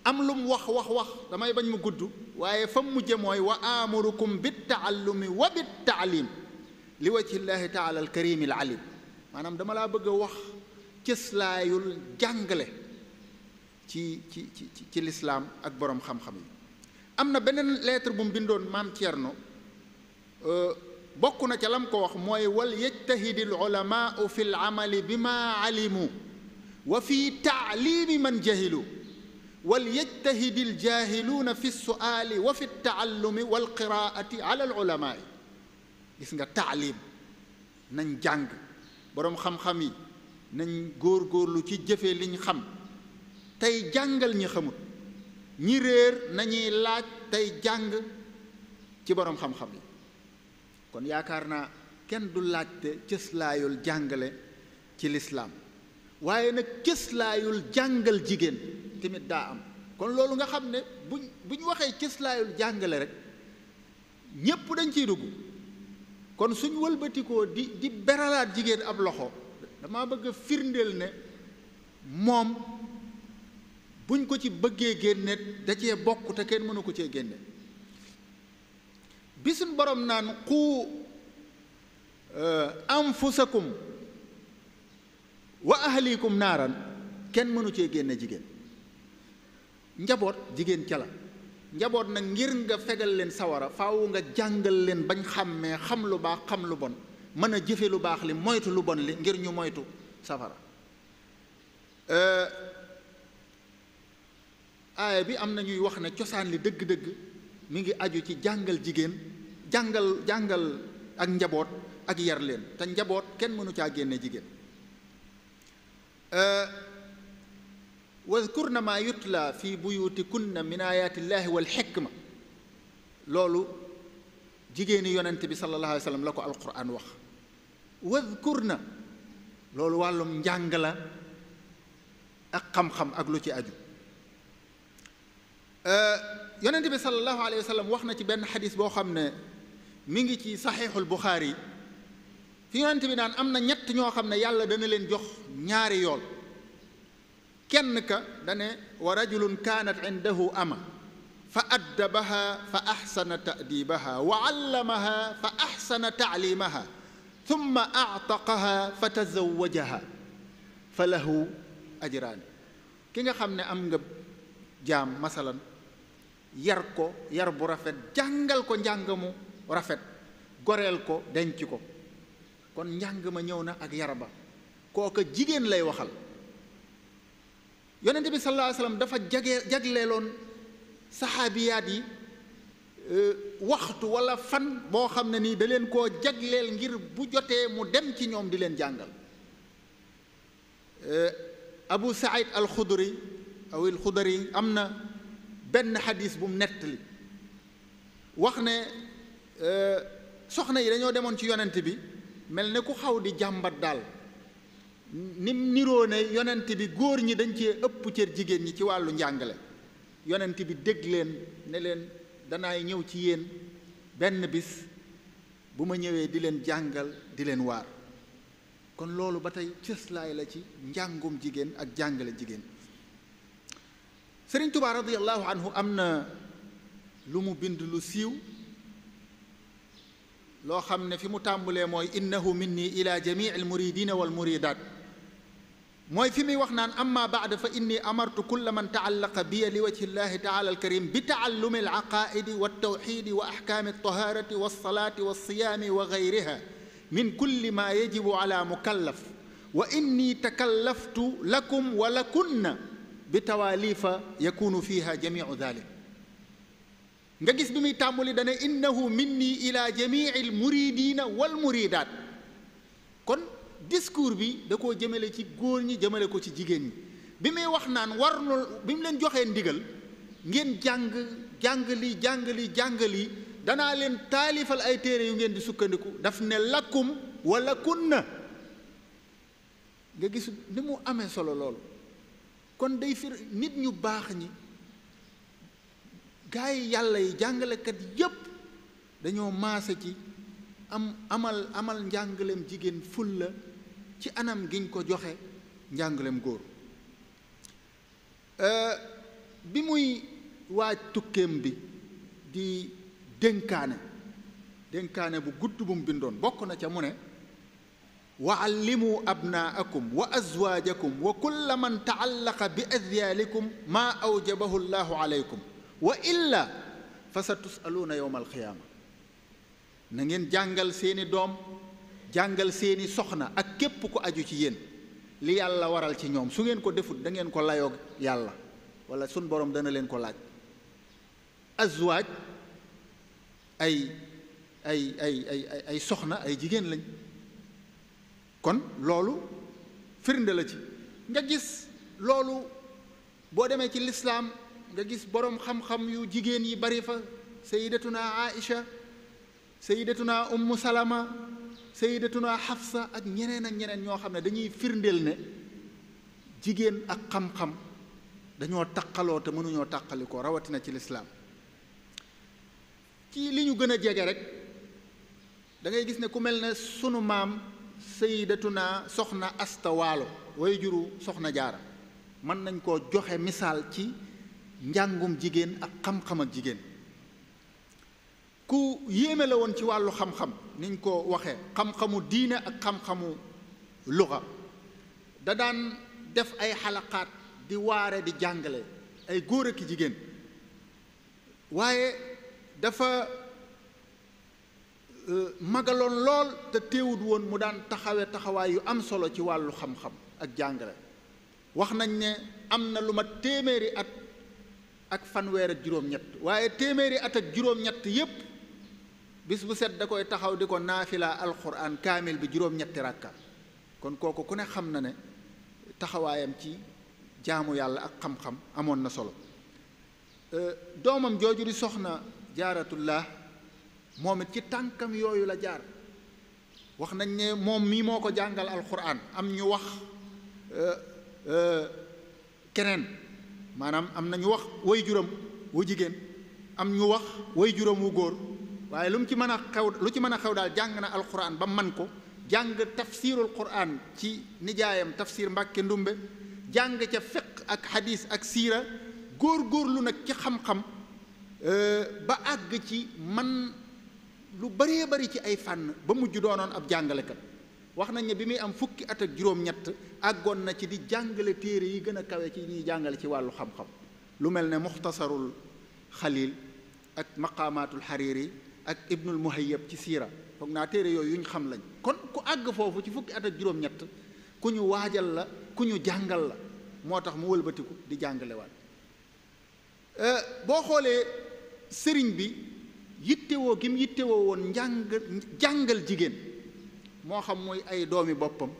am lum wax wax wax damay bañ mu gudd waaye fa mujje mooy wa aamurukum bittaallumi wa bittaalim li wajhi llaahi taala alkarimi alalim maanaam dama laa bëgg a wax cëslaayul jàngale ci ci ci ci lislaam ak boroom xam-xam yi am na beneen lettre bu mu bindoon maam Thierno euh, bokk na ca lam ko wax mooy wal yajtahidi al ulamaau fi l amali bi ma alimu wa fi taalimi man jahilu wal yajtahidi al jahiluuna fi suaali wa fi taallumi wal qiraati ala al ulamaai gis nga taalim nañ jàng boroom xam-xam yi nañ góorgóorlu ci jëfe liñ xam tey jàngal ñi xamut ñi réer nañuy laaj tey jàng ci boroom xam-xam yi kon yaakaar naa kenn du laajte cëslaayul jàngale ci lislaam waaye nag cëslaayul jàngal jigéen tamit daa am kon loolu nga xam ne buñ bu ñu waxee cëslaayul jàngale rek ñépp dañ ciy dugg kon suñ wëlbatikoo di di beralaat jigéen ab loxo dama bëgg a ne moom buñ ko ci bëggee génne da cee bokk te kenn mënu ko cee génne bi suñ borom naan qu euh, anfusakum wa ahlikum naaran kenn mënu cee génne jigéen njaboot jigéen ca la njaboot nag ngir nga fegal leen sawara faw nga jàngal leen bañ xàmmee xam lu baax xam lu bon mën a jëfe lu baax li moytu lu bon li ngir ñu moytu safara euh, aaya bi am na ñuy wax ne cosaan li dëgg-dëgg mi ngi aju ci jàngal jigéen jàngal jàngal ak njaboot ak yar leen te njaboot kenn mënu caa génne jigéen wazkurna maa yutla fi buyutikunna min ayaatillahi wal xikma loolu jigéeni yonent bi sallallahu alayhi wa sallam la ko alquran wax wazkurna loolu wàllum njàng la ak xam-xam ak lu ci aju yonent bi sallallahu wax na ci benn xadis boo xam ne mi ngi ci saxiixul buxaari yi fi bi daan am na ñett ñoo xam ne yàlla dana leen jox ñaari yool kenn ka dane wa rajulun kaanat indahu ama fa addabaha fa axsana ta'dibaha wa allamaha fa axsana taalimaha thumma aataqaha fa tazawajaha fa lahu ajraani ki nga xam ne am nga jaam masalan yar ko yar bu rafet jàngal ko njàng mu rafet goreel ko denc ko kon njàng ma ñëw na ak yaraba kooka jigéen lay waxal yonente bi sallallahu alayhi dafa jage jagleeloon saxaabiyaat yi euh, waxtu wala fan boo xam ne nii daleen koo jagleel ngir bu jotee mu dem ci ñoom di leen jàngal euh, abu saïd al xudri aw al am na benn xadis bu mu nettali wax ne Euh, soxna yi dañoo demoon ci yonent bi mel ni ku xaw di jàmbat daal nim niroo ne yonent bi góor ñi dañ cee ëpp cër jigéen ñi ci wàllu njàngale yonent bi dégg leen ne leen danaay ñëw ci yéen benn bis bu ma ñëwee di leen jàngal di leen waar kon loolu ba tey cëslaay la ci njàngum jigéen ak jàngale jigéen Sëriñ Tuubaa radiyallahu anhu am na lu mu bind lu siiw loo xam ne fi mu tàmbulee mooy innahu minni ila jamii al muridina wal muridaat mooy fi muy wax naan amma baada fa inni amartu kulla man taallaqa biya li wajhi llahi taala alkarim bi taallumi al aqaaidi wa altawxidi wa axkaami altahaarati wa alsalaati wa alsiyaami wa gayriha min kulli maa yajibu ala mukallaf wa inni takallaftu lakum wa lakunna bi tawaalifa yakunu fiha jamiu dalik nga gis bi muy tàmbali dana innahu minni ila jamiil muridina wal muridaat kon discours bi da koo jëmale ci góor ñi jëmale ko ci jigéen ñi bi muy wax naan war bi mu leen joxee ndigal ngeen jàng jàng li jàng li jàng li danaa leen taalifal ay téere yu ngeen di sukkandiku daf ne walla wala na nga gis ni mu amee solo lool kon day fir nit ñu baax ñi gaa yi yàlla yi jàngalekat yépp dañoo maase ci am amal amal njàngaleem jigéen ful la ci anam giñ ko joxe njàngaleem góor euh, bi muy waaj tukkeem bi di dénkaane dénkaane bu gudd bu mu bindoon bokk na ca mu ne wa allimu abnaakum wa azwaajakum wa kulla man taallaqa bi adyaalikum maa awjabahu llaahu aleykum wa illa fa sa tusaluuna yowma alxiyaama na ngeen jàngal seeni doom jàngal seeni soxna ak képp ku aju ci yéen li yàlla waral ci ñoom su ngeen ko defut dangeen ko layoog yàlla wala sun boroom dana leen ko laaj azwaaj ay ay ay ay ay soxna ay jigéen lañ kon loolu firnde la ci nga gis loolu boo demee ci lislaam nga gis boroom xam-xam yu jigéen yi bari fa sayidatuna aïcha sayidatuna ummu salama sayidatuna xafsa ak ñeneen ak ñeneen ñoo xam ne dañuy firndeel ne jigéen ak xam-xam dañoo taqaloo te mënuñoo taqali rawatina ci lislaam ci li ñu gën a jege rek dangay gis ne ku mel ne sunu maam sayidatuna soxna asta waalo way juru soxna jaara mën nañ koo joxe misaal ci njàngum jigéen ak xam-xam ak jigéen ku yéeme la woon ci wàllu xam-xam niñ ko waxee xam-xamu diine ak xam-xamu luxa da daan def ay xalaqaat di waare di jàngale ay góor ak jigéen waaye dafa euh, magaloon lool te téewut woon mu daan taxawe taxawaay yu am solo ci wàllu xam-xam ak jàngale wax nañ ne am na lu ma téeméeri at ak fanweer ak juróom-ñett waaye téeméeri at ak juróom-ñett yépp bis bu set da koy taxaw di ko naafilaa alxuraan kaamil bi juróom-ñetti rakka kon kooku ku ne xam na ne taxawaayam ci jaamu yàlla ak xam-xam amoon na solo euh, doomam jooju di soxna jaaratullah moom it ci tànkam yooyu la jaar wax nañ ne moom mii moo ko jàngal alxuraan am ñu wax euh, euh, keneen maanaam am na ñu wax woy juram wu jigéen am ñu wax woy juram wu góor waaye lu mu ci mën a xew lu ci mën a xew daal jàng na alxuraan ba man ko jàng tafsirul quran ci nijaayam tafsir mbàkke ndumbe jàng ca fiq ak xadiis ak siira góor-góorlu nag ci xam-xam euh, ba àgg ci man lu baree bari ci ay fànn ba mujj doonoon ab jàngalekat wax nañ ne bi muy am fukki at ak juróom-ñett àggoon na ci di jàngale téere yi gën a kawe ci ñuy jàngale ci wàllu xam-xam lu mel ne muxtasarul xaliil ak maqaamaatul xariiri ak ibnul muhayyab ci siira foog naa téere yooyu yuñ xam lañ kon ku àgg foofu ci fukki at ak juróom-ñett ku ñu waajal la ku ñu jàngal la moo tax mu wëlbatiku di jàngalewaat euh, boo xoolee sëriñ bi yittewoo gi mu yittewoo woon njàng jàngal jigéen moo xam muy ay doomi boppam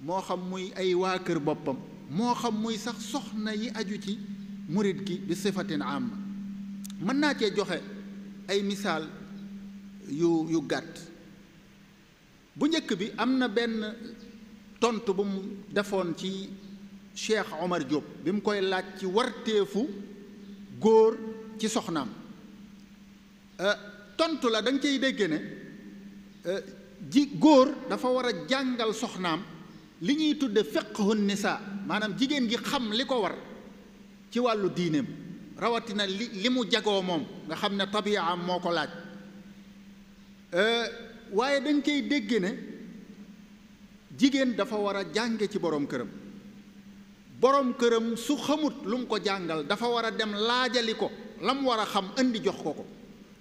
moo xam muy ay waa kër boppam moo xam muy sax soxna yi aju ci murit gi bi sifatin am mën naa cee joxe ay misaal yu gàtt bu njëkk bi am na benn tontu bu mu defoon ci Cheikh Omar Diop bi mu koy laaj ci warteefu góor ci soxnaam euh, tontu la da nga cay dégg ne euh, ji góor dafa war a jàngal soxnaam li ñuy tudde fiqhu nisaa maanaam jigéen gi xam li ko war ci wàllu diineem rawatina li li mu jagoo moom nga xam ne tabiaam moo ko laaj euh, waaye dañ koy dégg ne jigéen dafa war a jànge ci borom këram boroom këram su xamut lu mu ko jàngal dafa war a dem laajali ko la mu war a xam indi jox ko ko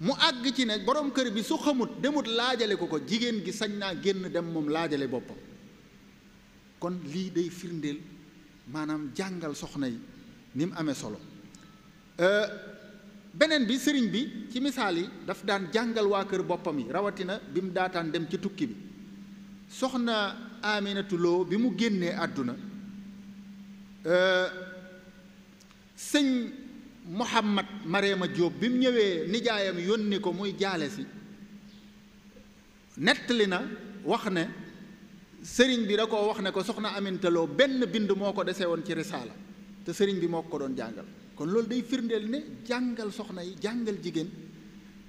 mu àgg ci ne borom kër bi su xamut demut laajale ko ko jigéen gi sañ naa génn dem moom laajale boppam kon lii day firndeel maanaam jàngal soxna yi ni mu amee solo euh, beneen bi sëriñ bi ci misaal yi daf daan jàngal waa kër boppam yi rawatina bi mu daataan dem ci tukki bi soxna Aminatu bi mu génnee àdduna euh, sëñ Muhammad Mareema Jóob bi mu ñëwee nijaayam yónni ko muy jaale si nettali na wax ne sëriñ bi da koo wax ne ko soxna amintaloo benn bind moo ko dese woon ci risaala te sëriñ bi moo ko doon jàngal kon loolu day firndeel ne jàngal soxna yi jàngal jigéen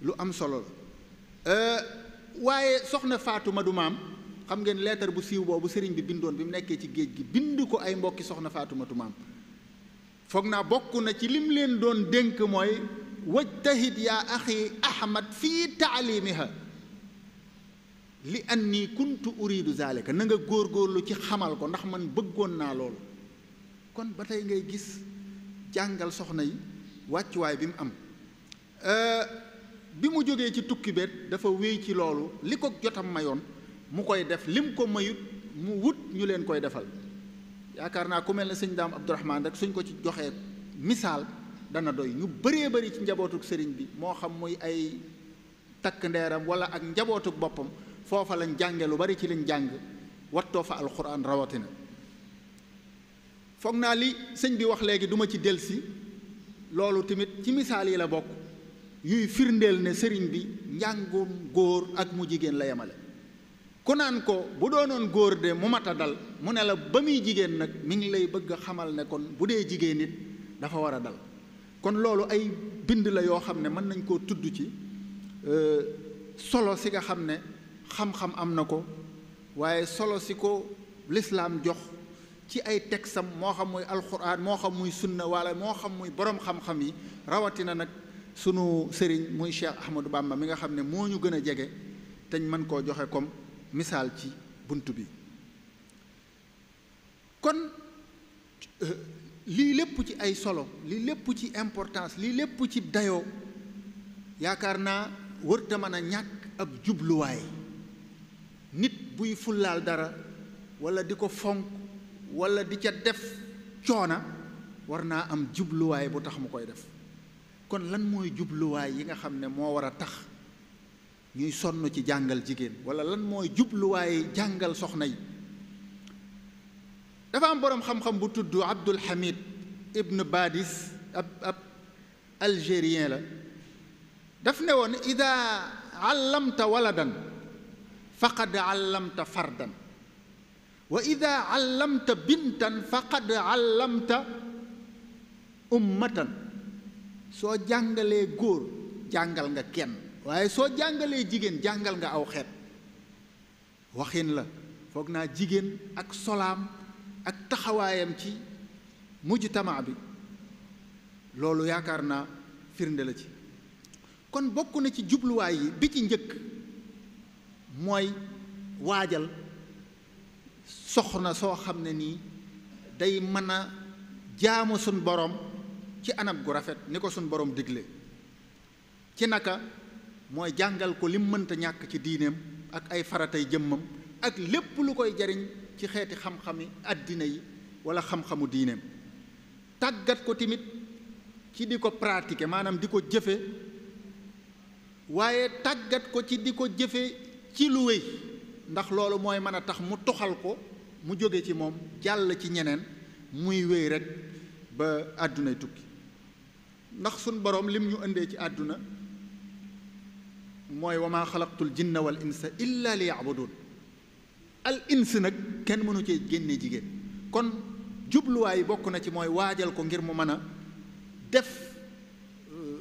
lu am solo la euh, waaye soxna Faatuma du maam xam ngeen leetar bu siiw boobu sëriñ bi bindoon bi mu nekkee ci géej gi bind ko ay mbokki soxna Faatuma du maam foog naa bokk na ci lim leen doon dénk mooy wajtahid yaa axi ahmad fii taalimiha li anni kuntu uridu zalika na góor góorgóorlu ci xamal ko ndax man bëggoon naa loolu kon ba tey ngay gis jàngal soxna yi wàccuwaay bi mu am euh, bi mu jógee ci tukki dafa wéy ci loolu li ko jotam mayoon mu koy def lim ko mayut mu wut ñu leen koy defal yaakaar naa ku mel ne sëñ daam Abdourahman rek suñ ko ci joxee misaal dana doy ñu bëree bari ci njabootuk sëriñ bi moo xam muy ay takk ndeeram wala ak njabootuk boppam foofa lañ jànge lu bari ci lañ jàng wattoo fa alxuraan rawatina foog naa li sëñ bi wax léegi duma ci delsi loolu tamit ci misaal yi la bokk yuy firndeel ne sëriñ bi njàngum góor ak mu jigéen la yemale ku naan ko bu doonoon góor de mu mat a dal mu ne la ba muy jigéen nag mi ngi lay bëgg a xamal ne kon bu dee jigéen it dafa war a dal kon loolu ay bind la yoo xam ne mën nañ koo tudd ci euh, solo si nga xam ne xam-xam am na ko waaye solo si ko lislaam jox ci ay teksam moo xam muy alxuraan moo xam muy sunna wala moo xam muy boroom xam-xam yi rawatina nag sunu sëriñ muy Cheikh Ahmadou Bamba mi nga xam ne moo ñu gën a jege te ñu mën koo joxe comme misaal ci bunt bi kon euh, lii lépp ci ay solo lii lépp ci importance lii lépp ci dayoo yaakaar naa wërta mën ñàkk ab jubluwaay nit buy fullaal dara wala di ko fonk wala di ca def coona war naa am jubluwaay bu tax mu koy def kon lan mooy jubluwaay yi nga xam ne moo war a tax ñuy sonn ci jàngal jigéen wala lan mooy jubluwaaye jàngal soxna yi dafa am boroom xam-xam bu tudd Abdul Hamid ibn Badis ab ab algérien la daf ne woon ida allamta waladan faqad allamta fardan wa ida allamta bintan faqad allamta ummatan soo jàngalee góor jàngal nga kenn waaye soo jàngalee jigéen jàngal nga aw xeet waxin la foog naa jigéen ak solaam ak taxawaayam ci tamaa bi loolu yaakaar naa firnde la ci kon bokk na ci jubluwaay yi bi ci njëkk mooy waajal soxna soo xam ne nii day mën a jaamu suñ borom ci anam gu rafet ni ko suñ borom digle ci naka mooy jàngal ko lim mënta ñàkk ci diineem ak ay faratay jëmmam ak lépp lu koy jariñ ci xeeti xam-xami àddina yi wala xam-xamu diineem tàggat ko tamit ci di ko pratiquer maanaam di ko jëfe waaye tàggat ko ci di ko jëfe ci lu wéy ndax loolu mooy mën a tax mu toxal ko mu jóge ci moom jàll ci ñeneen muy wéy rek ba àddunay tukki ndax suñ boroom lim ñu indee ci àdduna mooy wamaa xalaqtul jinna wal insa illa li yacbudun al ins nag kenn mënu cee génne jigéen kon jubluwaay yi bokk na ci mooy waajal ko ngir mu mën a def euh,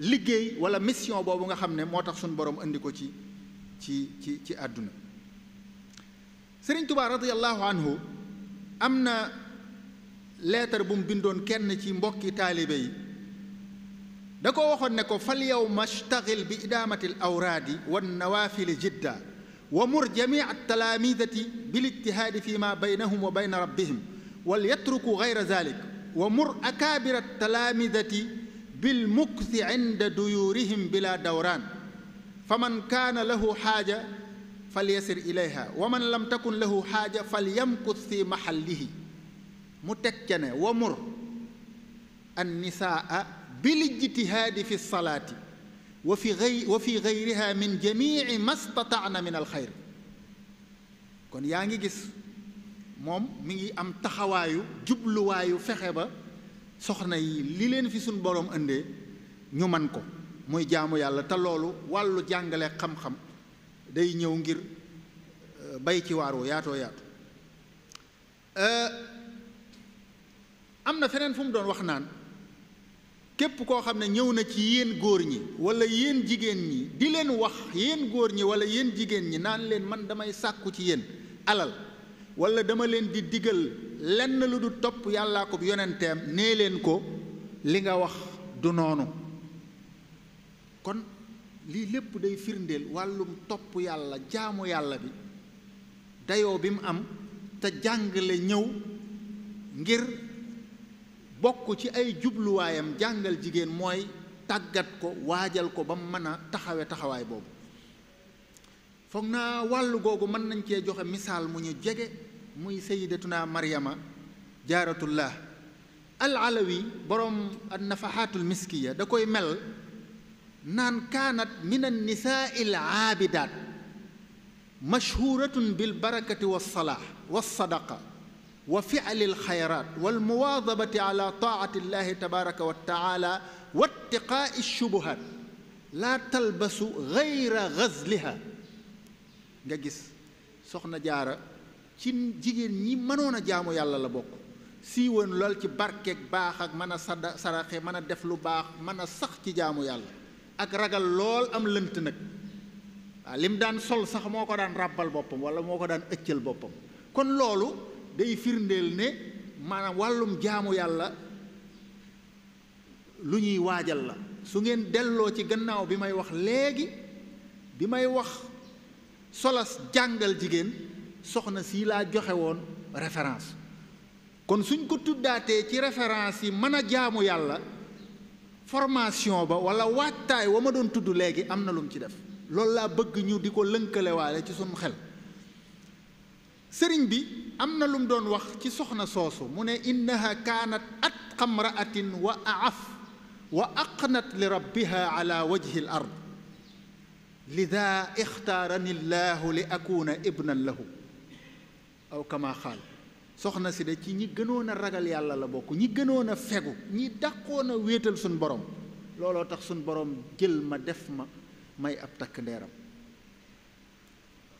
liggéey wala mission boobu nga xam ne moo tax suñu borom indi ko ci ci ci ci àdduna sëriñ tubaa radiallahu am na leetar bu mu bindoon kenn ci mbokki taalibe yi da ko waxoon ne ko fal yow mastaxil bi idaamati l awraadi wan nawaafili jidda wa mur jamii talaamidati bil ijtihaadi fi ma baynahum wa bayna rabbihim wal yatruku gayra zalik wa mur akaabira talaamidati bil mukthi inda duyuurihim bila dawraan fa man kaana lahu xaaja fal yasir ilayha wa man lam takun lahu xaaja fal yamkut fi maxallihi mu teg ca ne wa mur annisaa bil ijtihaadi fi salaati wa fi gay wa fi gayriha min jamii ma stataana min alxayr kon yaa ngi gis moom mi ngi am taxawaayu jubluwaayu fexe ba soxna yi li leen fi suñ boroom indee ñu man ko muy jaamu yàlla te loolu wàllu jàngale xam-xam day ñëw ngir euh, bay ci waar wu yaatoo yaatu euh, am na feneen fu mu doon wax naan képp koo xam ne ñëw na ci yéen góor ñi walla yéen jigéen ñi di leen wax yéen góor ñi wala yéen jigéen ñi naan leen man damay sàkku ci yéen alal wala dama leen di digal lenn lu du topp yàllaa ko yonenteem ne leen ko li nga wax du noonu kon lii lépp day firndeel wàllum topp yàlla jaamu yàlla bi dayoo bi mu am te jàngale ñëw ngir bokk ci ay jubluwaayam jàngal jigéen mooy tàggat ko waajal ko ba mu mën a taxawe taxawaay boobu foog naa wàllu googu mën nañ cee joxe misaal mu ñu jege muy sayyidatuna maryama jaaratullah al alawi boroom an nafahatul miskiya da koy mel naan kaanat min an nisaai bi aabidaat mashhuratun bil barakati wa salaax wa sadaqa wa fi'lil xayraat wal muwaadabati ala taa'ati llahi tabaaraka wa ta'ala wa ittiqaa'i shubuhaat laa talbasu gayra gazliha nga gis soxna jaara ci jigéen ñi mënoon a jaamu yàlla la bokk siiwoon lool ci barkeeg baax ak mën a sada saraxe mën a def lu baax mën a sax ci jaamu yàlla ak ragal lool am lënt nag waaw lim daan sol sax moo ko daan ràbbal boppam wala moo ko daan ëccal boppam kon loolu day firndeel ne maanaam wàllum jaamu yàlla lu ñuy waajal la su ngeen delloo ci gannaaw bi may wax léegi bi may wax solas jàngal jigéen soxna si laa joxe woon référence kon suñ ko tuddaatee ci referance yi mën a jaamu yàlla formation ba wala waajtaay wa ma doon tudd léegi am na lu ci def loolu laa bëgg ñu di ko lënkalewaale ci sunu xel sëriñ bi am na lu mu doon wax ci soxna soosu mu ne innaha kaanat atqa mraatin wa aaf wa aqnat li rabbiha ala wajhi l ard lida aw kama soxna si de ci ñi gënoon a ragal yàlla la bokk ñi gënoon a fegu ñi dàqoon a wéetal suñ borom looloo tax suñu borom jël ma def ma may ab takk ndeeram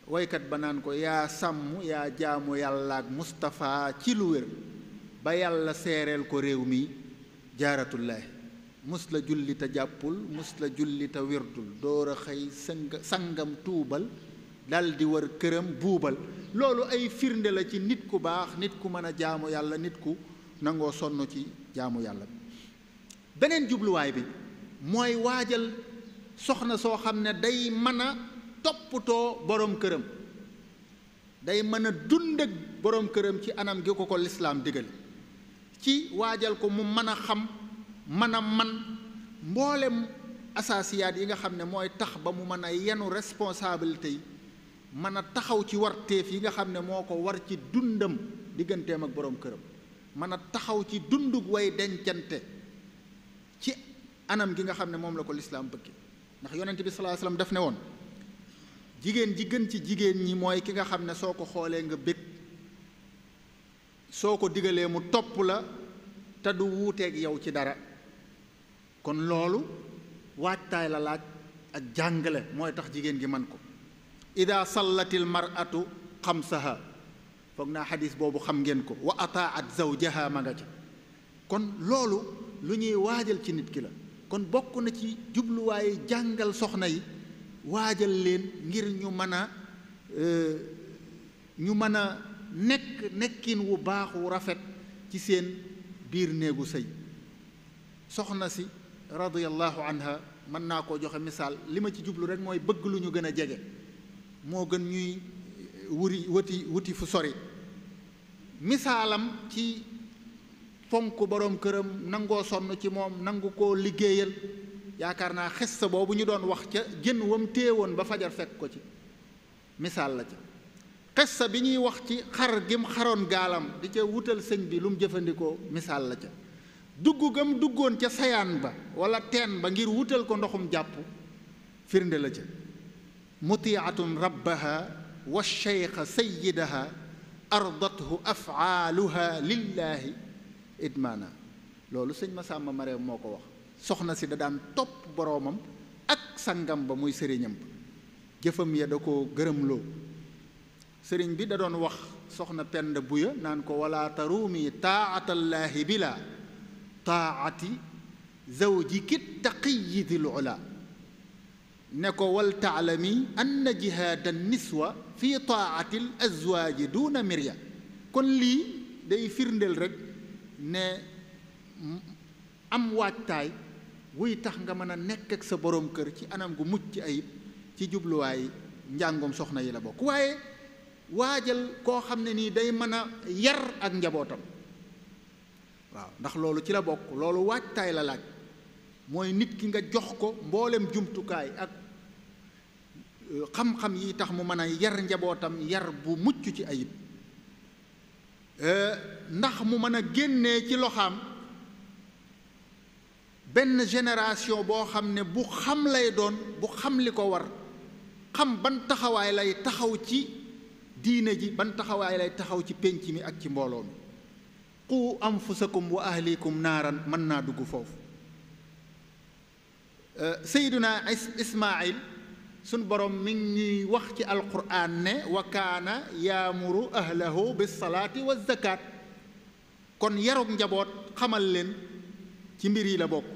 woykat ba naan ko yaa sàmm yaa jaamu yàlla ak Moustapha ci lu wér ba yàlla seereel ko réew mi jaaratullaahi mus la julli te jàppul mus la julli te wérdul door a xëy sanga sangam tuubal dal di wër këram buubal loolu ay firnde la ci nit ku baax nit ku mën a jaamu yàlla nit ku nangoo sonn ci jaamu yàlla beneen jubluwaay bi mooy waajal soxna soo xam ne day mën toppatoo boroom këram day mën a dund ak borom këram ci anam gi ko ko lislaam digal ci waajal ko mu mën a xam mën man mboolem asasiyaat yi nga xam ne mooy tax ba mu mën a yenu responsabilité yi mën a taxaw ci warteef yi nga xam ne moo ko war ci dundam digganteem ak boroom këram mën a taxaw ci dund way dencante ci anam gi nga xam ne moom la ko lislaam bëgg ndax yonent bi sallallahu alayhi wasallam ne woon jigéen ji gën ci jigéen ñi mooy ki nga xam ne soo ko xoolee nga bég soo ko digalee mu topp la te du wuuteeg yow ci dara kon loolu waajtaay la laaj ak jàngale mooy tax jigéen gi man ko ida sallatil xam xamsaha foog naa xadis boobu xam ngeen ko wa ataat zawjaha ma nga kon loolu lu ñuy waajal ci nit ki la kon bokk na ci jubluwaayu jàngal soxna yi waajal leen ngir ñu mën a euh, ñu mën a nekk nekkin wu baax wu rafet ci seen biir néegu sëy soxna si radiyallahu anha mën naa koo joxe misaal li ma ci jublu rek mooy bëgg lu ñu gën a jege moo gën ñuy euh, wuri wuti wuti fu sori misaalam ci fonk boroom këram nangoo sonn ci moom nangu koo liggéeyal yaakaar naa xes sa boobu ñu doon wax ca jën wam téewoon ba fajar fekk ko ci misaal la ca xes sa bi ñuy wax ci xar gim xaroon gaalam di ca wutal sëñ bi lu mu jëfandikoo misaal la ca dugg gam duggoon ca sayaan ba wala teen ba ngir wutal ko ndoxum jàpp firnde la ca mutiatun rabbaha wa cheykha sayidaha ardathu afaaluha lillahi idmaana loolu sëñ ma Mareem moo ko wax soxna si da daan topp boroomam ak sangam ba muy sëriñam ba jëfam ya da ko gërëmloo sëriñ bi da doon wax soxna pend buya naan ko wala taruumi taatallaahi bi la taati zawjiki taqiyi dil ula ne ko wal taalami anna jihaada niswa fi taatil azwaaji duuna mirya kon lii day firndeel rekk ne am waajtaay wuy tax nga mën a nekk ak sa boroom kër ci anam gu mucc ci ayib ci jubluwaay njàngum soxna yi la bokk waaye waajal koo xam ne nii day mën a yar ak njabootam waaw ndax loolu ci la bokk loolu waajtaay la laaj mooy nit ki nga jox ko mboolem jumtukaay ak euh, xam-xam yi tax mu mën a yar njabootam yar bu mucc ci ayib euh, ndax mu mën a génnee ci loxaam benn génération boo xam ne bu xam lay doon bu xam li ko war xam ban taxawaay lay taxaw ci diine ji ban taxawaay lay taxaw ci pénc mi ak ci mbooloo mi qu anfusakum mën naa dugg foofu euh, sayduna ismail suñ borom mi ngi ñuy wax ci alquran ne wakaana kaana yaamuru ahlahu bisalaati wa zakat kon yarug njaboot xamal leen ci mbir yi la bokk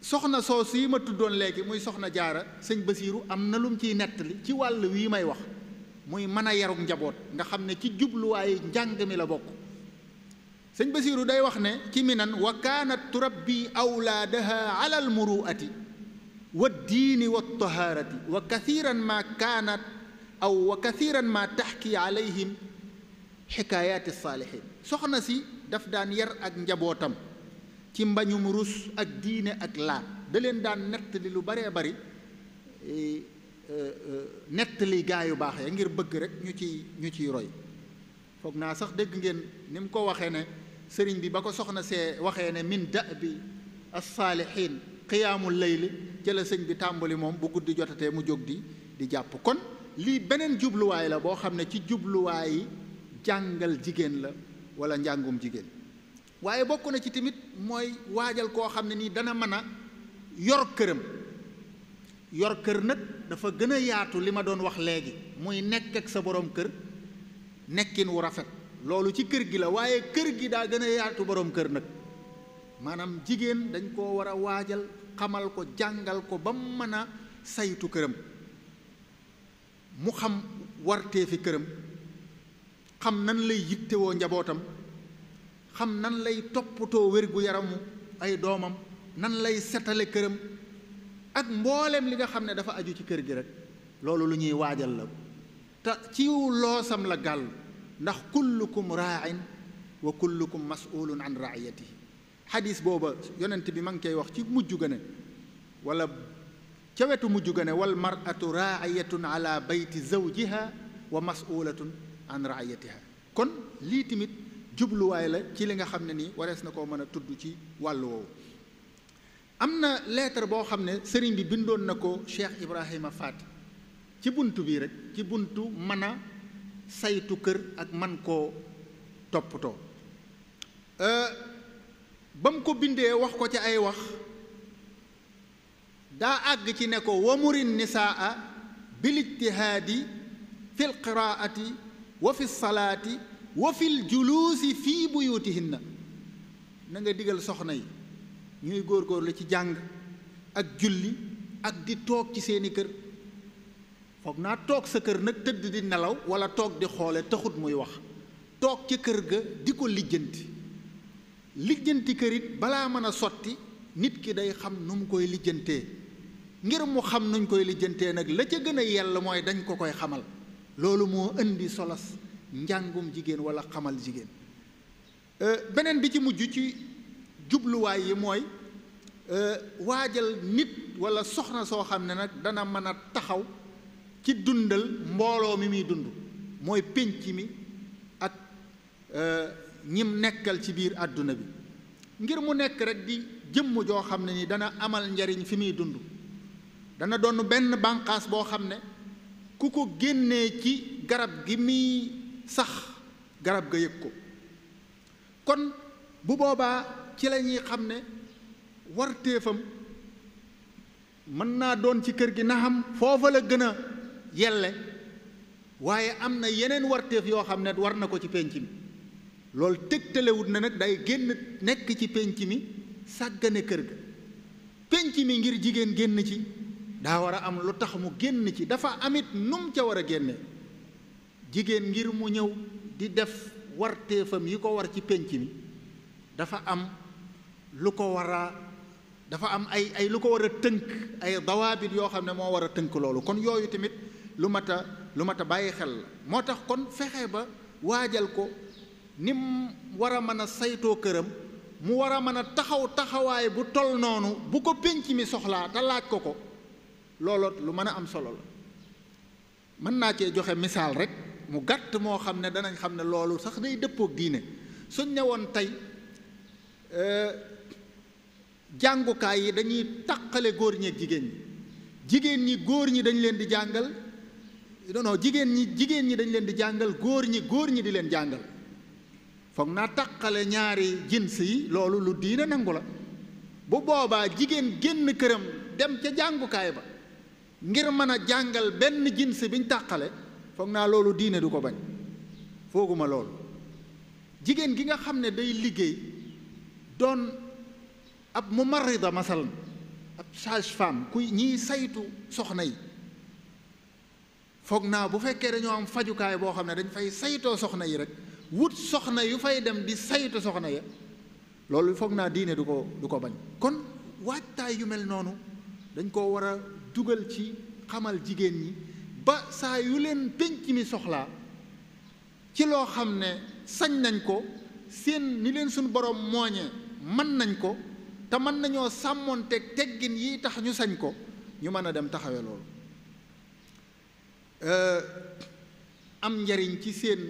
soxna soos yi ma tuddoon léegi muy soxna jaara sëñ basiiru am na lum ciy nettali ci wàll wii may wax muy mën a yarug njaboot nga xam ne ci jubluwaayu njàng mi la bokk sëñ basiiru day wax ne ci minan wa kaanat bi awlaadaha ala al muruati wa diini wa tahaarati wa kathiran ma kaanat aw wa kathiran ma taxki alayhim xikaayaati saalihin soxna si daf daan yar ak njabootam ci mbañum rus ak diine ak laab da leen daan nettali lu baree bari e, e, e, nettali gaa yu baax ya ngir bëgg rek ñu ciy ñu ciy roy foog naa sax dëgg ngeen ni mu ko waxee ne sëriñ bi ba ko soxna see waxee ne min da bi as-saalihiin xiyaamul layli ca sëñ bi tàmbali moom bu guddi jotatee mu jóg di di jàpp kon lii beneen jubluwaay la boo xam ne ci jubluwaay yi jàngal jigéen la walla njàngum jigéen waaye bokk na ci tamit mooy waajal koo xam ne nii dana mën a yor këram yor kër nag dafa gën a yaatu li ma doon wax léegi muy nekk ak sa boroom kër nekkin wu rafet loolu ci kër gi la waaye kër gi daa gën a yaatu boroom kër nag maanaam jigéen dañ koo war a waajal xamal ko jàngal ko ba mu mën a saytu këram mu xam warteefi këram xam nan lay yittewoo njabootam xam nan lay toppatoo wér-gu-yaramu ay doomam nan lay setale këram ak mboolem li nga xam ne dafa aju ci kër gi rek loolu lu ñuy waajal la ta ciw loosam la gàll ndax kullukum raain wa kullukum masulun an raiyatihi booba yonent bi ma ngi koy wax ci mujj ga ne ca wetu mujj ga wal maratu raayatun ala bayti zawjiha wa masulatun an raiyatiha kon lii jubluwaay la ci li nga xam ne ni warees na koo mën a tudd ci wàll woowu am na lettre boo xam ne sëriñ bi bindoon na ko Cheikh Ibrahima Faati ci bunt bii rek ci buntu mën a saytu kër ak man koo toppatoo euh, ba mu ko bindee wax ko ci ay wax daa àgg ci ne ko wamurin nisaa bil ijtihaadi fi lqiraati wa fi salaati wafil fil juluusi fii buyutihinna na nanga digal soxna yi ñuy góorgóorlu ci jàng ak julli ak di toog ci seeni kër foog naa toog sa kër nag tëdd di nelaw wala toog di xoole taxut muy wax toog ca kër ga di ko lijjanti lijjanti kërit balaa mën a sotti nit ki day xam nu mu koy lijjantee ngir mu xam nuñ koy lijjantee nag la ca gën a yell mooy dañ ko koy xamal loolu moo indi solos njàngum jigéen wala xamal jigéen euh, beneen bi ci mujj ci jubluwaay yi mooy euh, waajal nit walla soxna soo xam ne nag dana mën a taxaw ci dundal mbooloo mi muy dund mooy pénc mi ak euh, ñim nekkal ci biir àdduna bi ngir mu nekk rek di jëmm joo xam ne ni dana amal njariñ fi muy dund dana doon benn bànqaas boo xam ne ku ko génnee ci garab gi muy sax garab ga yëg ko kon bu boobaa ci lañuy xam ne warteefam mën naa doon ci kër gi naxam foofa la gën a yelle waaye am na yeneen warteef yoo xam ne war na ko ci penc mi loolu tëgtalewut na nag day génn nekk ci penc mi sàggane kër ga penc mi ngir jigéen génn ci daa war a am lu tax mu génn ci dafa amit num ca war a génne jigéen ngir mu ñëw di def warteefam yi ko war ci pénc mi dafa am lu ko war a dafa am ay ay lu ko war a tënk ay dawaabit yoo xam ne moo war a tënk loolu kon yooyu tamit lu mat a lu mat a bàyyi xel la moo tax kon fexe ba waajal ko ni mu war a mën a saytoo këram mu war a mën a taxaw taxawaay bu tol noonu bu ko pénc mi soxlaa te ko ko looloot lu mën a am solo la mën naa cee joxe misaal rek mu gàtt moo xam ne danañ xam ne loolu sax day dëppoog diine suñ ne woon tey euh, jàngukaay yi dañuy taqale góor ñi jigéen ñi jigéen ñi góor ñi dañ leen di jàngal non jigéen ñi jigéen ñi dañ leen di jàngal góor ñi góor ñi di leen jàngal foog naa taqale ñaari jins yi loolu lu diine nangu la bu boobaa jigéen génn këram dem ca jàngukaay ba ngir mën a jàngal benn jins biñ tàqale foog naa loolu diine du ko bañ fooguma loolu jigéen gi nga xam ne day liggéey doon ab mumarrida masalan ab sage-femme ku ñiy saytu soxna yi foog naa bu fekkee dañoo am fajukaay boo xam ne dañ fay saytoo soxna yi rek wut soxna yu fay dem di saytu soxna ya loolu foog naa diine du ko du ko bañ kon waajtaay yu mel noonu dañ koo war a dugal ci xamal jigéen ñi ba saa yu leen pénc mi soxlaa ci loo xam ne sañ nañ ko seen ni leen suñu borom mooñee mën nañ ko te mën nañoo sàmmoonteeg teggin yi tax ñu sañ ko ñu mën a dem taxawe loolu euh, am njariñ ci seen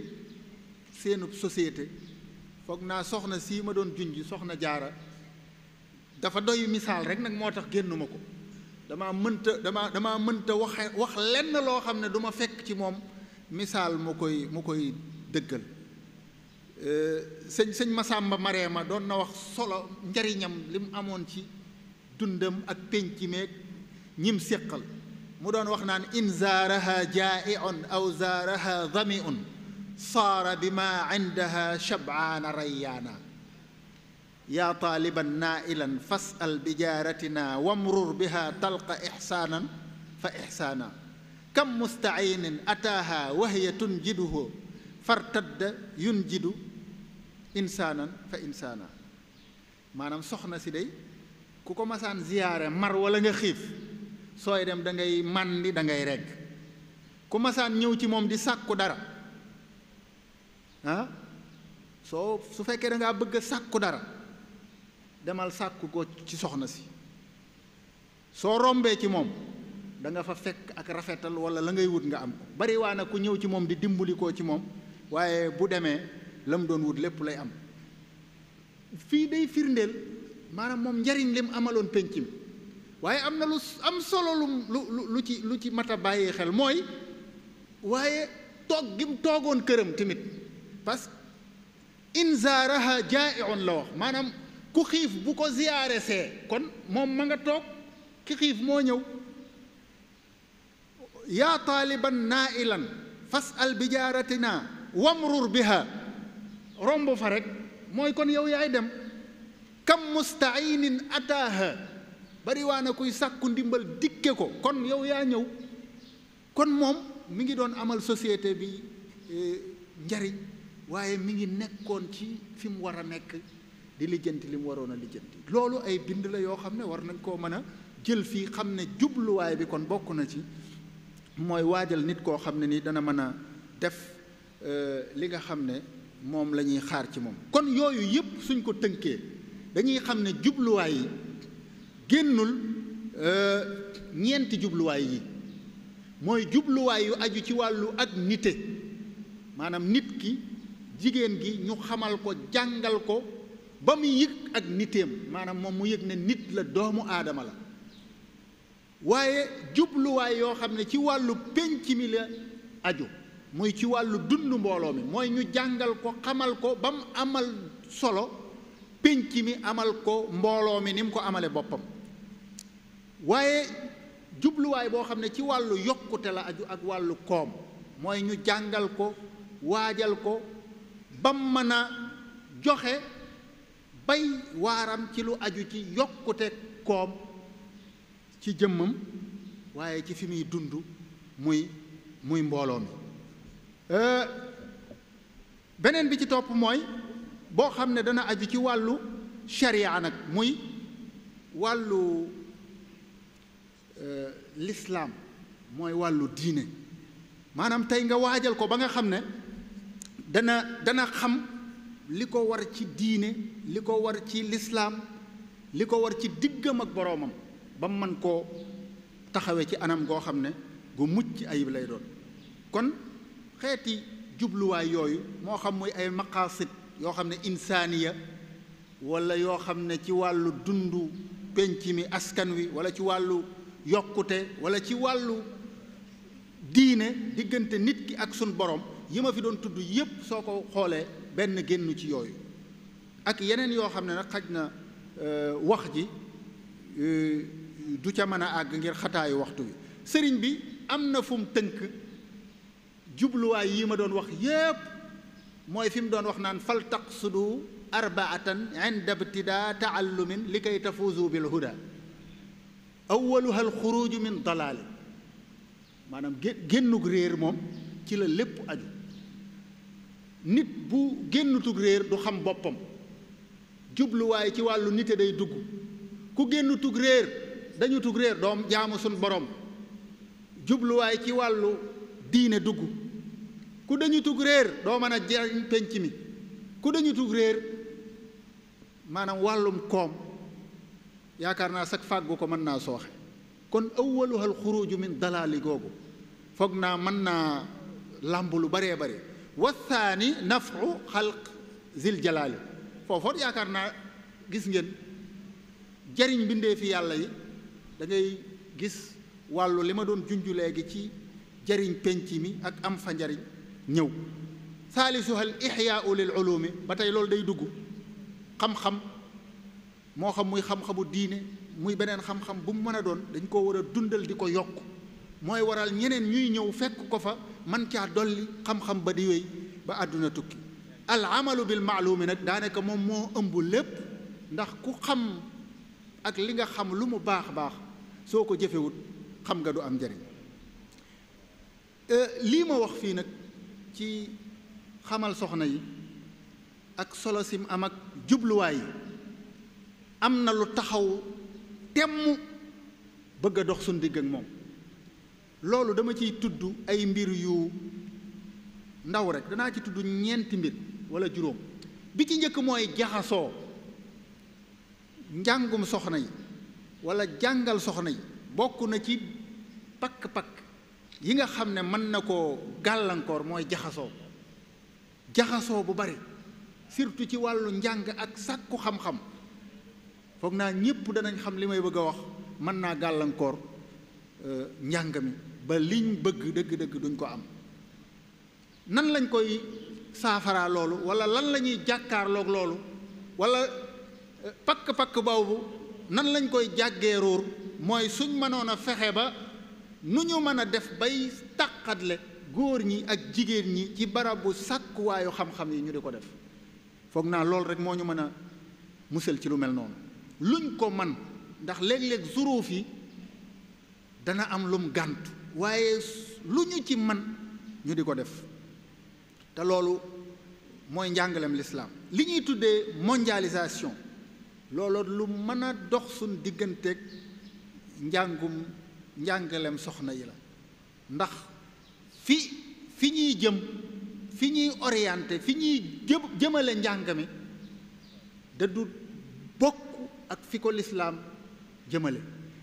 seenub société foog naa soxna sii ma doon junj soxna jaara dafa doy misaal rek nag moo tax génnuma ko dama mënta dama damaa mënta waxe wax lenn loo xam ne duma fekk ci moom misaal mu koy mu koy dëggal euh, sëñ sëñ Masamba ma doon na wax solo njariñam li mu amoon ci dundam ak penc meeg ñim séqal mu doon wax naan in zaaraha jaaiun aw zaaraha damiun saara bi ma indaha shabaana rayyaana yaa taaliban naailan fasal bijaaratina wamrur biha talqa ixsaanan fa ixsaana kam mustaciinin ataaha wahiya tunjiduhu fartadda yunjidu insaanan fa insaana maanaam soxna si day ku ko masaan ziyaare mar wala nga xiif sooy dem dangay màndi dangay rekk regg ku masaan ñëw ci moom di sàkku dara ah, soo su fekkee da bëgga bëgg a sàkku dara demal sàkku ko ci soxna si soo rombee ci moom danga nga fa fekk ak rafetal wala la ngay wut nga am ko bari ku ñëw ci moom di dimbali ko ci moom waaye bu demee la mu doon wut lépp lay am fii day firndeel maanaam moom njariñ lim amaloon penc waaye am na lu am solo lu lu ci lu ci mat a bàyyi xel mooy waaye toog gi mu toogoon këram tamit parce que inzaaraha jaa'iun la wax maanaam ku xiif bu ko ziyaare see kon moom ma nga toog ki xiif moo ñëw yaa taaliban naailan fasal bi jaaratina wamrur biha romb fa rek mooy kon yow yaay dem kam mustainin ataaha bariwaana kuy sàkku ndimbal dikke ko kon yow yaa ñëw kon moom mi ngi doon amal société bi eh, njariñ waaye mi ngi nekkoon ci fi mu war a nekk di lijjanti li mu waroon a lijjanti loolu ay bind la yoo xam ne war nañ koo mën a jël fii xam ne jubluwaay bi kon bokk na ci mooy waajal nit koo xam ne ni dana mën a def euh, li nga xam ne moom la ñuy xaar ci moom kon yooyu yëpp suñ ko tënkee dañuy xam ne jubluwaay yi génnul euh, ñeenti jubluwaay yi mooy jubluwaay yu aju ci wàllu ak nite maanaam nit ki jigéen gi ñu xamal ko jàngal ko ba mu yëg ak niteem maanaam moom mu yëg ne nit la doomu aadama la waaye jubluwaay yoo xam ne ci wàllu pénc mi la aju muy ci wàllu dund mbooloo mi mooy ñu jàngal ko xamal ko ba mu amal solo pénc mi amal ko mbooloo mi ni ko amale boppam waaye jubluwaay boo xam ne ci wàllu yokkute la aju ak wàllu koom mooy ñu jàngal ko waajal ko ba mu mën a joxe bay waaram ci lu aju ci yokkute koom ci jëmmam waaye ci fi muy dund muy muy mbooloo mi euh, beneen bi ci topp mooy boo xam ne dana aju ci wàllu sharia nag muy wàllu euh, lislaam mooy wàllu diine maanaam tey nga waajal ko ba nga xam ne dana dana xam li ko war ci diine li ko war ci lislaam li ko war ci diggam ak boroomam ba mu mën koo taxawee ci anam goo xam ne gu mucc ayib lay doon kon xeeti jubluwaay yooyu moo xam muy ay maqaasid yoo xam ne insaaniya wala yoo xam ne ci wàllu dundu penc mi askan wi wala ci wàllu yokkute walla ci wàllu diine diggante nit ki ak sun borom yi ma fi doon tudd yépp soo ko xoolee benn génn ci yooyu ak yeneen yoo xam ne nag xaj na euh, wax ji euh, du ca mën a àgg ngir xataayu waxtu bi sëriñ bi am na fum tënk jubluwaay yi ma doon wax yépp mooy fi mu doon wax naan fal taqsudu arbaatan inda ibtidaa taallumin li kay tafuuzu bil huda awaluha al xuruju min dalaali maanaam génnug réer moom ci la lépp aju nit bu génnutug réer du xam boppam jubluwaay ci wàllu nite day dugg ku génnutug réer dañu tug réer doom jaamu suñ borom jubluwaay ci wàllu diine dugg ku dañu tug réer doo mën a jariñ penc mi ku dañu tug réer maanaam wàllum koom yaakaar naa sax fàggu ko mën naa sooxe kon awwaluhal xuruju min dalaali googu foog naa mën naa làmb lu baree bare wasaani nafu xalq zil jalaali foofoot yaakaar naa gis ngeen jariñ bindee fi yàlla yi da gis wàllu li ma doon junj léegi ci jariñ penc mi ak am fa njariñ ñëw saalisuha al ixyaau lil ulumi ba tey loolu day dugg xam-xam moo xam muy xam-xamu diine muy beneen xam-xam bu mu mën a doon dañ koo war a dundal di ko yokk mooy waral ñeneen ñuy ñëw fekk ko fa man caa dolli xam-xam ba di wéy ba àdduna tukki al amalu bil maalumi nag daanaka moom moo ëmb lépp ndax ku xam ak li nga xam lu mu baax baax soo ko jëfewut xam nga du am njariñ euh, lii ma wax fii nag ci xamal soxna yi ak solo sim am ak jubluwaay yi am na lu taxaw temm bëgg a dox suñ digg ak moom loolu dama ciy tudd ay mbir yu ndaw rek danaa ci tudd ñeenti mbir wala juróom bi ci njëkk mooy jaxasoo njàngum soxna yi wala jàngal soxna yi bokk na ci pakk-pakk yi nga xam ne mën na ko gàllankoor mooy jaxasoo jaxasoo bu bari surtout ci wàllu njàng ak sàkku xam-xam foog naa ñépp danañ xam li may bëgg a wax mën naa gàllankoor euh, njàng mi ba liñ bëgg dëgg-dëgg duñ ko am nan lañ koy saafaraa loolu wala lan la ñuy jàkkaarloog loolu wala euh, pakk-pakk boobu nan lañ koy jàggee ruur mooy suñ mënoon a fexe ba nu ñu mën a def bay tàqatle góor ñi ak jigéen ñi ci barabu sàkkuwaayu xam-xam yi ñu di ko def foog naa loolu rek moo ñu mën a musal ci lu mel noonu luñ ko man ndax léeg-léeg zuruuf yi dana am lum gànt waaye lu ñu ci man ñu di ko def te loolu mooy njàngalem lislaam li ñuy tuddee mondialisation loolu lu mën a dox suñ digganteeg njàngum njàngalem soxna yi la ndax fi fi ñuy jëm fi ñuy orienté fi ñuy jëm jëmale njàng mi du bokk ak fi ko lislaam jëmale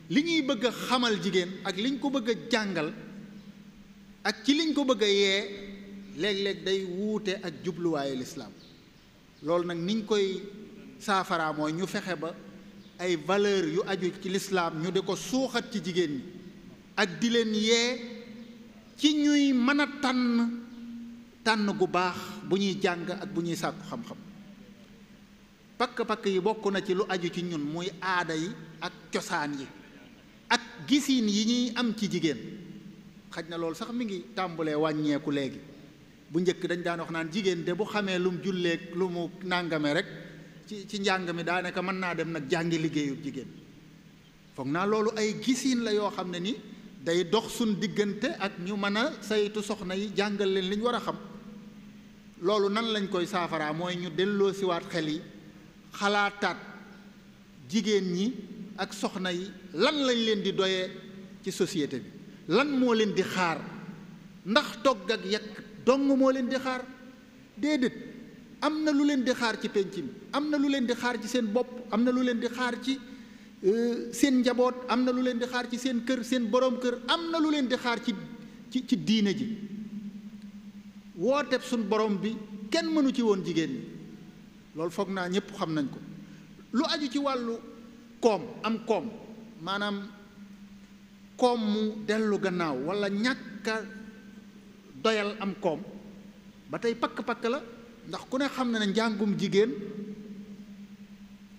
li ñuy bëgg a xamal jigéen ak liñ ko bëgg jàngal ak ci liñ ko bëgg yee léeg-léeg day wuute ak jubluwaayu lislaam loolu nag niñ koy saafaraa mooy ñu fexe ba ay valeur yu aju ci lislaam ñu di ko suuxat ci jigéen ñi ak di leen yee ci ñuy mën a tànn tànn gu baax bu ñuy jàng ak bu ñuy sàkku xam-xam pakk-pakk yi bokk na ci lu aju ci ñun muy aada yi ak cosaan yi ak gisiin yi ñuy am ci jigéen xaj na loolu sax mi ngi tàmbulee wàññeeku léegi bu njëkk dañ daan wax naan jigéen de bu xamee lum julleek julleeg lu mu nàngame rek ci ci njàng mi daanaka mën naa dem nag jàngi liggéeyub jigéen foog naa loolu ay gisiin la yoo xam ne ni day dox suñ diggante ak ñu mën a saytu soxna yi jàngal leen liñ war a xam loolu nan lañ koy saafaraa mooy ñu delloosiwaat xel yi xalaataat jigéen ñi ak soxna yi lan lañ leen di doyee ci société bi lan moo leen di xaar ndax togg ak yekk dong moo leen di xaar déedéet am na lu leen di xaar ci penc am na lu leen di xaar ci seen bopp am na lu leen di xaar ci euh, seen njaboot am na lu leen di xaar ci seen kër seen boroom kër am na lu leen di xaar ci ci ci diine ji wooteeb suñ boroom bi kenn mënu ci woon jigéen ñi loolu foog naa ñépp xam nañ ko lu aju ci wàllu koom am koom maanaam koom mu dellu gannaaw walla ñàkk a doyal am koom ba tey pakk-pakk la ndax ku ne xam na ne njàngum jigéen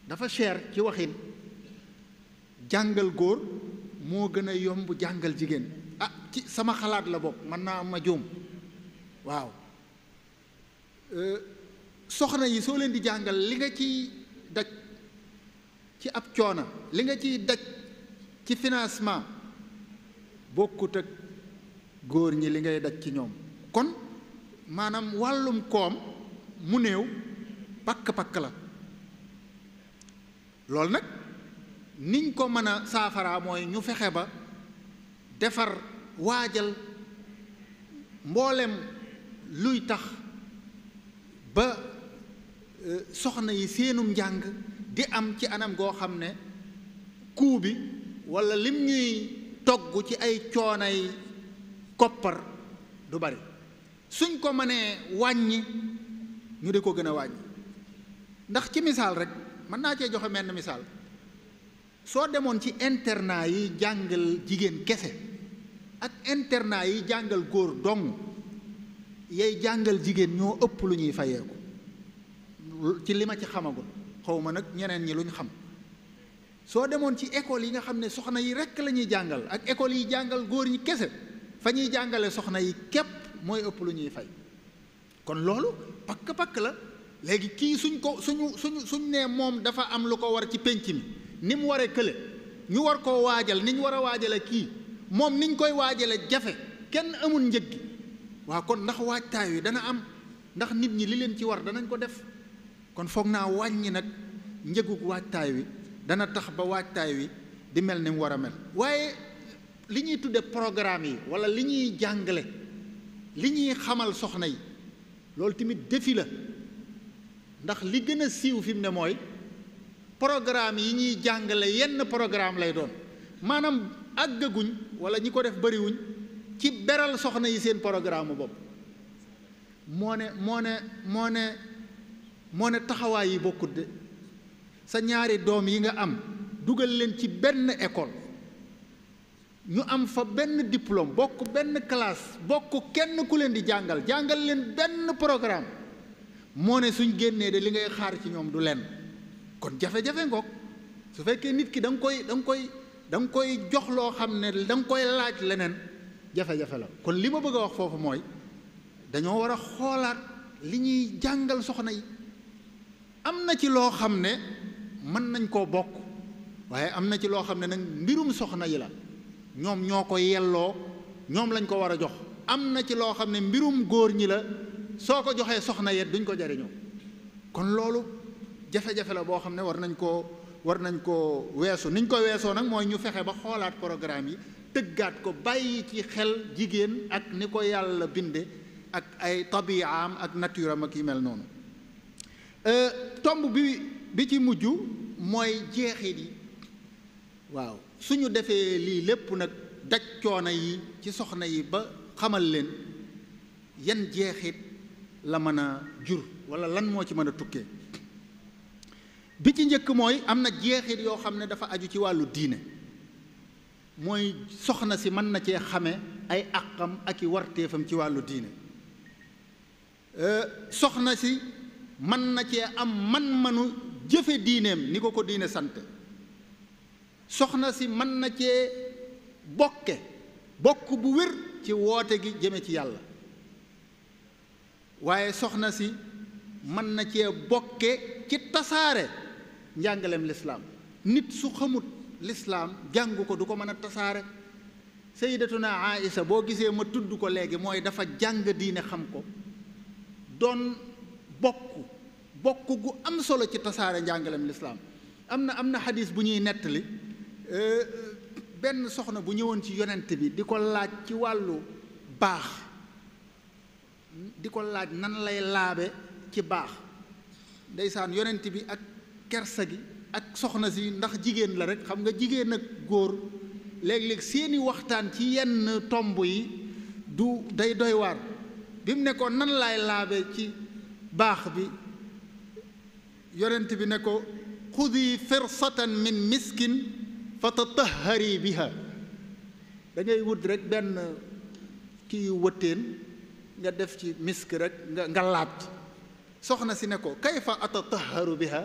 dafa cher ci waxin jàngal góor moo gën a yomb jàngal jigéen ah ci sama xalaat la bopp mën naa am ma juum waaw euh, soxna yi soo leen di jàngal li nga ci ci ab coona li nga ciy daj ci financement bokkut ak góor ñi li ngay daj ci ñoom kon maanaam wàllum koom mu néew pakk-pakk la loolu nag niñ ko mën a saafara mooy ñu fexe ba defar waajal mboolem luy tax ba euh, soxna yi seenum njàng di am ci anam goo xam ne kuu bi wala lim ñuy togg ci ay coonaay koppar du bari suñ ko mënee wàññi ñu di ko gën a wàññi ndax ci misaal rek mën naa cee joxe menn misaal soo demoon ci internat yi jàngal jigéen kese ak internat yi jàngal góor dong yay jàngal jigéen ñoo ëpp lu ñuy fayeeku ci li ma ci xamagul xaw ma nag ñeneen ñi luñ xam soo demoon ci école yi nga xam ne soxna yi rekk la ñuy jàngal ak école yi jàngal góor ñi kese fa ñuy jàngale soxna yi képp mooy ëpp lu ñuy fay kon loolu pakk-pakk la léegi kii suñ ko suñu suñu suñ nee moom dafa am lu ko war ci pénc mi ni mu waree kële ñu war ko waajal ni ñu war a waajale kii moom niñ koy waajale jafe kenn amul njëg gi waa kon ndax waajtaay wi dana am ndax nit ñi li leen ci war danañ ko def kon foog naa wàññi nag njëgug waajtaay wi dana tax ba waajtaay wi di mel ni mu war a mel waaye li ñuy tudde programme yi walla li ñuy jàngale li ñuy xamal soxna yi loolu tamit défi la ndax li gën a siiw fi mu ne mooy programme yi ñuy jàngale yenn programme lay doon maanaam àggaguñ wala ñi ko def bariwuñ ci beral soxna yi seen programme bopp moo ne moo ne moo ne moo ne taxawaay yi bokkut de sa ñaari doom yi nga am dugal leen ci benn école ñu am fa benn diplôme bokk benn classe bokk kenn ku leen di jàngal jàngal leen benn programme moo ne suñ génnee de li ngay xaar ci ñoom du lenn kon jafe-jafe ngoog su fekkee nit ki danga koy da koy da koy jox loo xam ne da koy laaj leneen jafe-jafe la kon li ma bëgg a wax foofu mooy dañoo war a xoolaat li ñuy jàngal soxna yi am na ci loo xam ne mën nañ koo bokk waaye am na ci loo xam ne nag mbirum soxna yi la ñoom ñoo ko yelloo ñoom lañ ko war a jox am na ci loo xam ne mbirum góor ñi la soo ko joxee soxna yet duñ ko jariñoo kon loolu jafe-jafe la boo xam ne war nañ koo war nañ koo weesu niñ ko weesoo nag mooy ñu fexe ba xoolaat programme yi tëggaat ko bàyyi ci xel jigéen ak ni ko yàlla binde ak ay tabiaam ak nature am ak yi mel noonu Euh, tomb bi bi ci mujj mooy jeexit yi waaw suñu defee lii lépp nag daj yi ci soxna yi ba xamal leen yan jeexit la mën a jur walla lan moo ci mën a tukkee bi ci njëkk mooy am na jeexit yoo xam ne dafa aju ci wàllu diine mooy soxna si mën na cee xame ay àqam ak i warteefam ci wàllu diine euh, soxna si mën na cee am man-manu jëfe diineem ni ko ko diine sant soxna si mën na cee bokke bokk bu wér ci woote gi jëme ci yàlla waaye soxna si mën na cee bokke ci tasaare njàngaleem lislaam nit su xamut lislaam jàng ko du ko mën a tasaare sayyidatuna Aïsa boo gisee ma tudd ko léegi mooy dafa jàng diine xam ko doon bokk bokk gu am solo ci tasaare njàngalem lislaam am na am na xadis bu ñuy nettali euh, benn soxna bu ñëwoon ci yonent bi di ko laaj ci wàllu baax di ko laaj nan lay laabe ci baax ndeysaan yonent bi ak kersa gi ak soxna si ndax jigéen la rek xam nga jigéen ak góor léeg-léeg seeni waxtaan ci yenn tomb yi du day doy waar bi mu nekkoon nan laay laabe ci baax bi yonent bi ne ko xudi firsatan min miskin fa tatahari biha da wut rek benn kii wëttéen nga def ci misk rek nga nga soxna si ne ko kayfa atataharu biha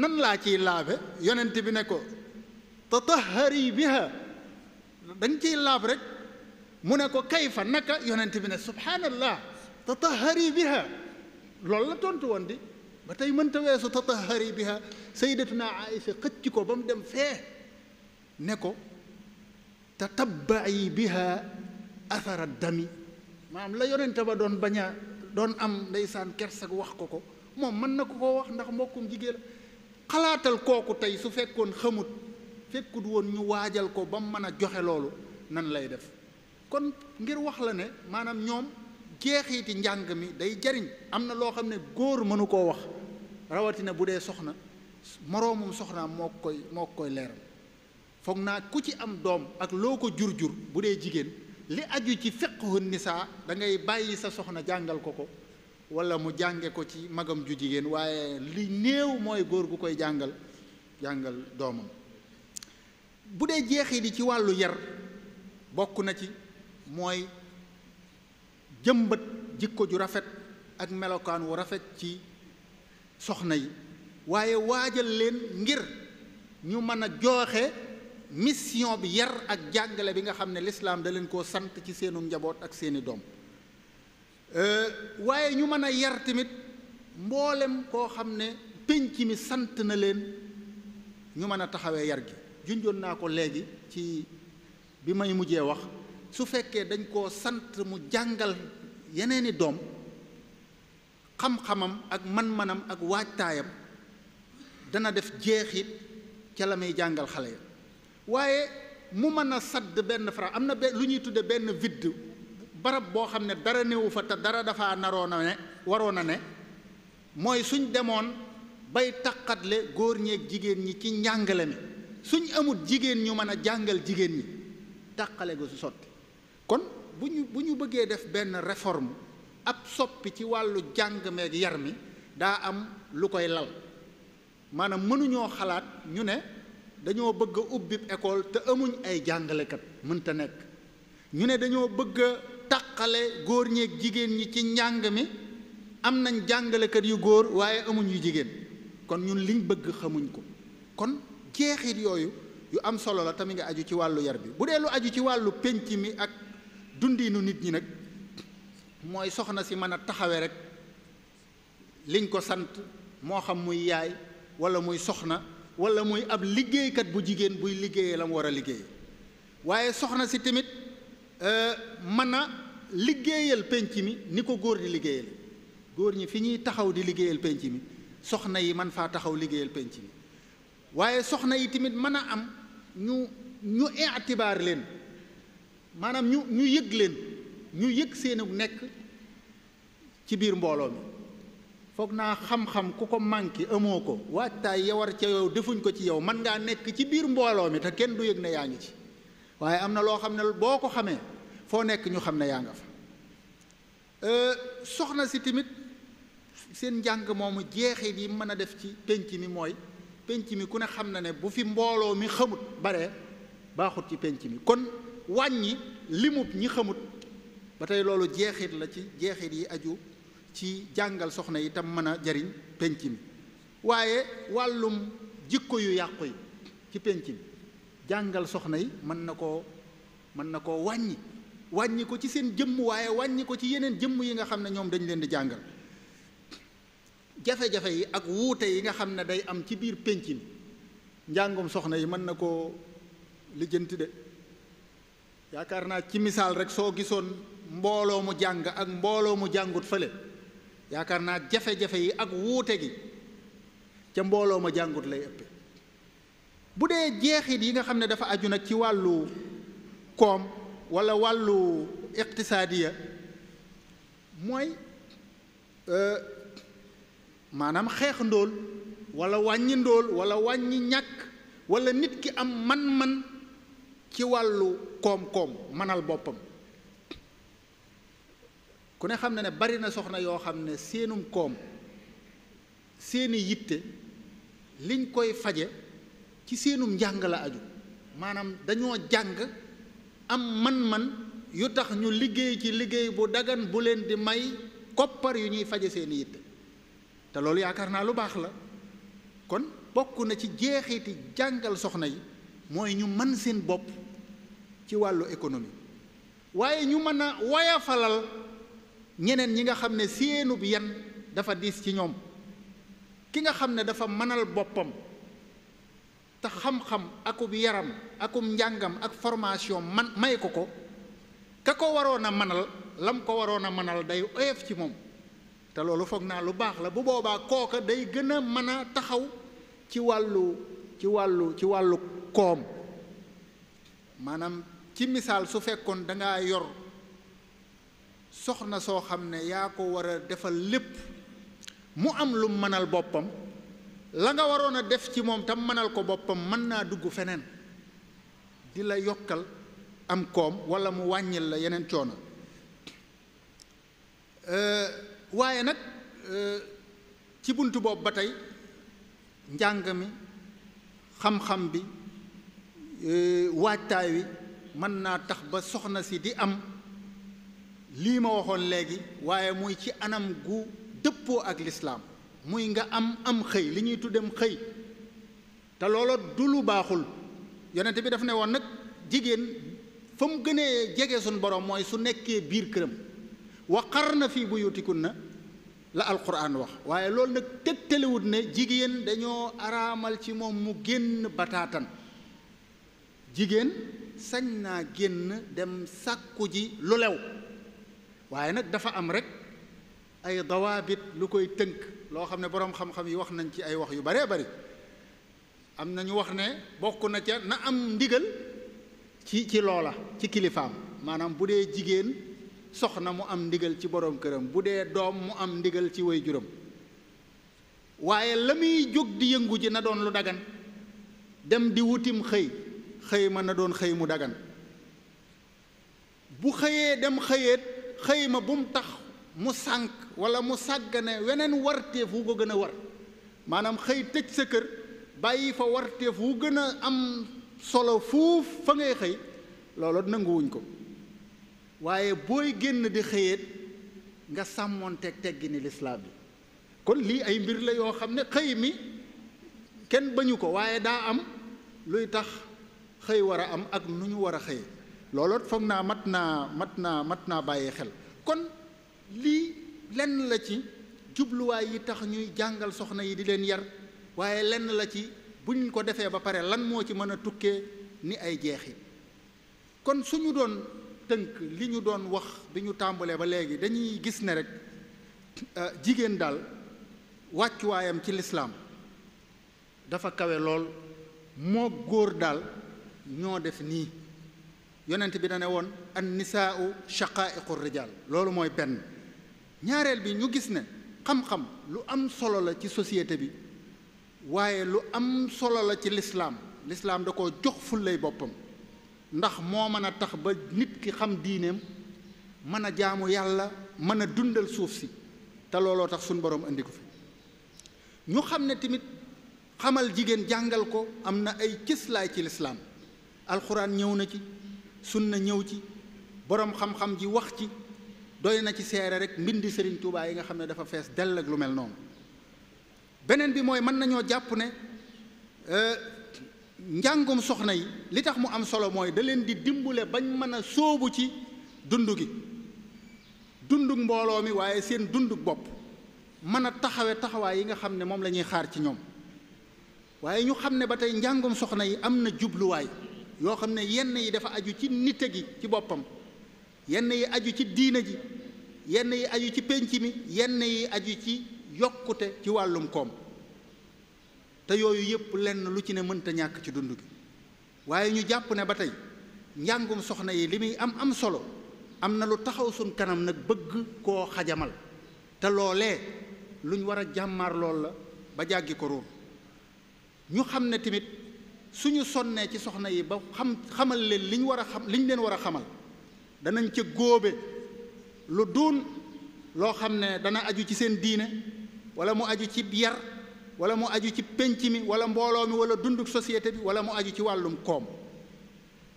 nan laa ciy laabe yonent bi ne ko tatahari biha da ciy laab rek mu ne ko kayfa naka yonent bi ne subhaanallah tatahari biha loolu la tontu woon di ba tey mënta weesu tatahari biha sayyidatuna Aïcha xëcc ko ba mu dem fee ne ko te ay tatabbayi biha athara dami maam la yonente ba doon bañ a doon am ndeysaan kersak wax ko ko moom mën na ko koo wax ndax mbokkum jigéen xalaatal kooku tey su fekkoon xamut fekkut woon ñu waajal ko ba mu mën a joxe loolu nan lay def kon ngir wax la ne maanaam ñoom jeexiiti njàng mi day jariñ am na loo xam ne góor mënu koo wax rawatina bu dee soxna moroomum soxnaam moo koy moo koy leeral foog naa ku ci am doom ak loo ko jur jur bu dee jigéen li aju ci fiqhu nisaa dangay bàyyi sa soxna jàngal ko ko walla mu jànge ko ci magam ju jigéen waaye li néew mooy góor gu koy jàngal jàngal doomam bu dee jeexi di ci wàllu yar bokk na ci mooy jëmbët jikko ju rafet ak melokaan wu rafet ci soxna yi waaye waajal leen ngir ñu mën a jooxe mission bi yar ak jàngale bi nga xam ne lislaam da leen koo sant ci seenu njaboot ak seeni doom euh, waaye ñu mën a yar tamit mboolem koo xam ne pénc mi sant na leen ñu mën a taxawee yar gi junjoon naa ko léegi ci bi may mujjee wax su fekkee dañ koo sant mu jàngal yeneeni doom xam-xamam ak man-manam ak waajtaayam dana def jeexit ca la may jàngal xale ya waaye mu mën a sadd benn fra am na lu ñuy tudde benn vidde barab boo xam ne dara néewu fa te dara dafa naroon a ne waroon a ne mooy suñ demoon bay taqatle góor ñeek jigéen ñi ci njàngale na suñ amut jigéen ñu mën a jàngal jigéen ñi tàqale gu su sotti kon bu ñu bu ñu bëggee def benn réforme ab soppi ci wàllu jàng meeg yar mi daa am lu koy lal maanaam mënuñoo xalaat ñu ne dañoo bëgg a ubbib école te amuñ ay jàngalekat mënta nekk ñu ne dañoo bëgg a taqale góor ñeeg jigéen ñi ci njàng mi am nañ jàngalekat yu góor waaye amuñ yu jigéen kon ñun liñ bëgg xamuñ ko kon jeexit yooyu yu am solo la tamit nga aju ci wàllu yar bi bu dee lu aju ci wàllu pénc mi ak dundiinu nit ñi nag mooy soxna si mën a taxawe rek liñ ko sant moo xam muy yaay wala muy soxna wala muy ab liggéeykat bu jigéen buy liggéeyee la war a liggéey waaye soxna si tamit euh, mën a liggéeyal penc mi ni ko góor di liggéeyal góor ñi fi ñuy taxaw di liggéeyal penc mi soxna yi man faa taxaw liggéeyal penc mi waaye soxna yi tamit mën a am ñu ñu itibaar leen maanaam ñu ñu yëg leen ñu yëg seenu nekk ci biir mbooloo mi foog naa xam-xam ku ko manqué amoo ko waajtaay ya war ca yow defuñ ko ci yow mën ngaa nekk ci biir mbooloo mi te kenn du yëg na yaa ngi ci waaye am na loo xam ne boo ko xamee foo nekk ñu xam ne yaa nga fa euh, soxna si tamit seen njàng moomu jeexit yi mën a def ci penc mi mooy penc mi ku ne xam na ne bu fi mbooloo mi xamut bare baaxut ci penc mi kon wàññi limub ñi xamut ba tey loolu jeexit la ci jeexit yi aju ci jàngal soxna yi tam mën a jariñ penc mi waaye wàllum jikko yu yàqu yi ci penc mi jàngal soxna yi mën na ko mën na ko wàññi wàññi ko ci seen jëmm waaye wàññi ko ci yeneen jëmm yi nga xam ne ñoom dañ leen di jàngal jafe-jafe yi ak wuute yi nga xam ne day am ci biir penc mi njàngum soxna yi mën na koo lijjant de yaakaar naa ci misaal rek soo gisoon mbooloo mu jàng ak mbooloo mu jàngut fële yaakaar naa jafe-jafe yi ak wuute gi ca mbooloo ma jàngut lay ëpp bu dee jeexit yi nga xam ne dafa aju nag ci wàllu koom walla wàllu iqtisaadiya mooy euh, maanaam xeex ndóol walla wàññi ndóol walla wàññi ñàkk walla nit ki am man-man ci wàllu koom-koom mënal boppam ku ne xam na ne bari na soxna yoo xam ne seenum koom seeni yitte liñ koy faje ci seenum njàng la aju maanaam dañoo jàng am man-man yu tax ñu liggéey ci liggéey bu dagan bu leen di may koppar yu ñuy faje seeni yitte te loolu yaakaar naa lu baax la kon bokk na ci jeexiti jàngal soxna yi mooy ñu mën seen bopp ci wàllu économie waaye ñu mën a woyafalal ñeneen ñi nga xam ne séenub yan dafa diis ci ñoom ki nga xam ne dafa mënal boppam te xam-xam akub yaram akum njàngam ak formation man may ko ko ka ko waroon a mënal lam ko waroon a mënal day oyof ci moom te loolu foog naa lu baax la bu boobaa kooka day gën a mën a taxaw ci wàllu ci wàllu ci wàllu koom maanaam ci misaal su fekkoon dangaa yor soxna soo xam ne yaa ko war a defal lépp mu am lu mënal boppam la nga waroon a def ci moom tam mënal ko boppam mën naa dugg feneen di la yokkal am koom walla mu wàññil la yeneen coono euh, waaye nag euh, ci buntu boobu ba tey njàng mi xam-xam bi euh, waajtaay wi mën naa tax ba soxna si di am lii ma waxoon léegi waaye muy ci anam gu dëppoo ak lislaam muy nga am am xëy li ñuy tuddem xëy te looloo du lu baaxul yonent bi daf ne woon nag jigéen fa mu gënee jege suñu borom mooy su nekkee biir këram wax wa na fii na la alquran wax waaye loolu nag tëgtalewut ne jigéen dañoo araamal ci moom mu génn bataatan jigéen sañ naa génn dem sàkku ji lu lew waaye nag dafa am rek ay dawaabit lu koy tënk loo xam ne boroom xam-xam yi wax nañ ci ay wax yu bare bari am na ñu wax ne bokk na ca na am ndigal ci ci loola ci kilifaam maanaam bu dee jigéen soxna mu am ndigal ci boroom këram bu dee doom mu am ndigal ci way juróom waaye la muy jóg di yëngu ji na doon lu dagan dem di wutim xëy xëy ma na doon xëy mu dagan bu xëyee dem xëyeet xëy ma bu mu tax mu sànk walla mu sàggane weneen warteef wu ko gën a war maanaam xëy tëj sa kër bàyyi fa warteef wu gën a am solo fuuf fa ngay xëy loolu nanguwuñ ko waaye booy génn di xëyeet nga sàmmoonteeg teggi ni lislaam yi kon lii ay mbir la yoo xam ne xëy mi kenn bañu ko waaye daa am luy tax xëy war a am ak nu ñu war a xëyee looloot foog naa mat naa mat naa mat naa bàyyi xel kon lii lenn la ci jubluwaay yi tax ñuy jàngal soxna yi di leen yar waaye lenn la ci bu ñu ko defee ba pare lan moo ci mën a tukkee ni ay jeexit kon suñu doon tënk li ñu doon wax bi ñu tàmbalee ba léegi dañuy gis ne rek euh, jigéen daal wàccuwaayam ci lislaam dafa kawe lool moo góor daal ñoo def nii yonent bi dane woon an nisaau shaqaiqu rijal loolu mooy benn ñaareel bi ñu gis ne xam-xam lu am solo la ci société bi waaye lu am solo la ci lislaam lislaam da ko jox fullay boppam ndax moo mën a tax ba nit ki xam diineem mën a jaamu yàlla mën a dundal suuf si te looloo tax suñu borom andi ko fi ñu xam ne tamit xamal jigéen jàngal ko am na ay cëslaay ci lislaam alxuraan ñëw na ci sun na ñëw ci boroom xam-xam ji wax ci doy na ci seere rek mbindi Serigne tuubaay yi nga xam ne dafa fees dell ak lu mel noonu beneen bi mooy mën nañoo jàpp ne euh, njàngum soxna yi li tax mu am solo mooy da leen di dimbule bañ mën a sóobu ci dund gi dundug mbooloo mi waaye seen dundug bopp mën a taxawe taxawaay yi nga xam ne moom lañuy xaar ci ñoom waaye ñu xam ne ba tey njàngum soxna yi am na jubluwaay yoo xam ne yenn yi dafa aju ci nite gi ci boppam yenn yi aju ci diina ji yenn yi aju ci pénc mi yenn yi aju ci yokkute ci wàllum koom te yooyu yépp lenn lu ci ne mënta ñàkk ci dund gi waaye ñu jàpp ne ba tey njàngum soxna yi li muy am am solo am na lu taxaw suñ kanam nag bëgg koo xajamal te loolee luñ war a jàmmaar lool la ba jàggi ko ruum ñu xam ne tamit suñu sonnee ci soxna yi ba xam xamal leen liñ war a xam liñ leen war a xamal danañ ca góobe lu duun loo xam ne dana aju ci seen diine wala mu aju ci yar wala mu aju ci penc mi wala mbooloo mi wala dunduk société bi wala mu aju ci wàllum koom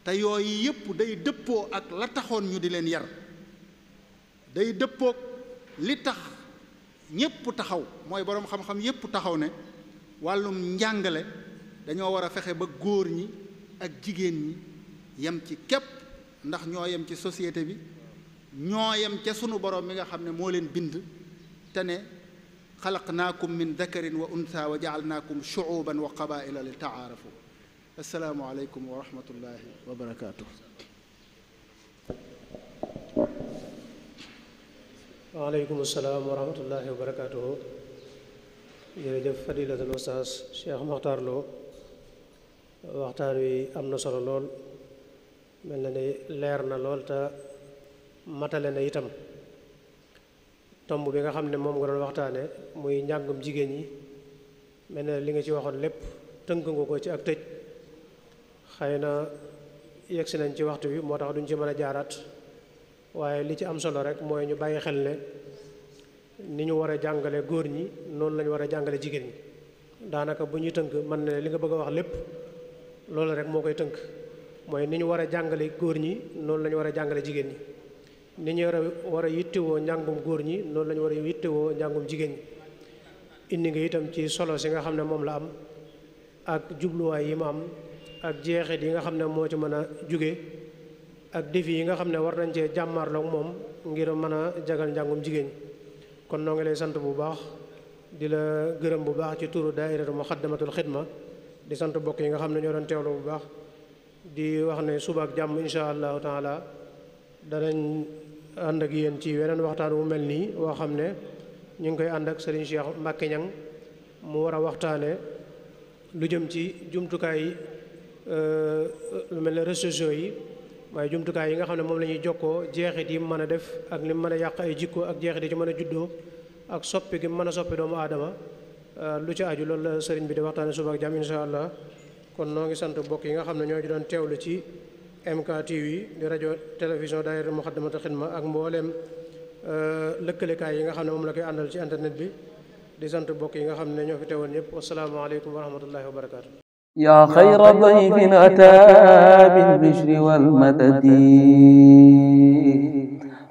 te yooyu yépp day dëppoo ak la taxoon ñu di leen yar day dëppook li tax ñépp taxaw mooy boroom xam-xam yépp taxaw ne wàllum njàngale dañoo war a fexe ba góor ñi ak jigéen ñi yem ci képp ndax ñoo yam ci société bi ñoo yam ca sunu borom mi nga xam ne moo leen bind te ne xalaqnaakum min dakarin wa unsa wa jaalnaakum shuuban wa qabaila li taarafu assalaamu wa rahmatullahi wa barakaatu waaleykum salaam wa rahmatullahi wa barakaatu jërëjëf waxtaan wi am na solo lool mel na ne leer na lool te matale na itam tomb bi nga xam ne moom nga doon waxtaane muy njàngum jigéen ñi mel na li nga ci waxoon lépp tënk nga ko ci ak tëj xëy na yegsi nañ ci waxtu wi moo tax duñ ci mën a jaaraat waaye li ci am solo rek mooy ñu bàyyi xel ne ni ñu war a jàngale góor ñi noonu lañu war a jàngale jigéen ñi daanaka bu ñuy tënk mën na li nga bëgg wax lépp loolu rek moo koy tënk mooy ni ñu war a jàngale góor ñi noonu lañu war a jàngale jigéen ñi ni ñu war a war a yittewoo njàngum góor ñi noonu la war a yittewoo njàngum jigéen ñi indi nga itam ci solo si nga xam ne moom la am ak jubluwaay yi ma am ak jeexit yi nga xam ne moo ci mën a jóge ak défi yi nga xam ne war nañ cee jàmmarloog moom ngir mën a jagal njàngum jigéen ñi kon noo ngi lay sant bu baax di la gërëm bu baax ci turu daairatu muxaddamatul xidma di sant mbokk yi nga xam ne ñoo doon teewlu bu baax di wax ne suba ak jàmm insha allahu taala danañ ànd ak yéen ci weneen waxtaan wu mel nii woo xam ne ñu ngi koy ànd ak Serigne Cheikh Mbacké Niang mu war a waxtaane lu jëm ci jumtukaay yi euh, euh, lu mel ne réseaux yi waaye jumtukaay yi nga xam ne moom la ñuy jokkoo jeexit yi mu mën a def ak li mu mën a yàq ay jikko ak jeexit yi ci mën a juddoo ak soppi gi mu mën a soppi doomu aadama Euh, lu ci aju lool la sëriñ bi di waxtaane suba ak jàmm incha allah kon noo ngi sant bokk yi nga xam ne ñoo doon teewlu ci MK TV di rajo télévision daayira Muxaddamatul Xidma ak mbooleem euh, lëkkalekaay yi nga xam ne moom la koy àndal ci internet bi di sant bokk yi nga xam ne ñoo fi teewoon ñëpp wasalaamaaleykum wa rahmatullahi wa barakaatu. yaa xayra dayfin ataa bil bishri wal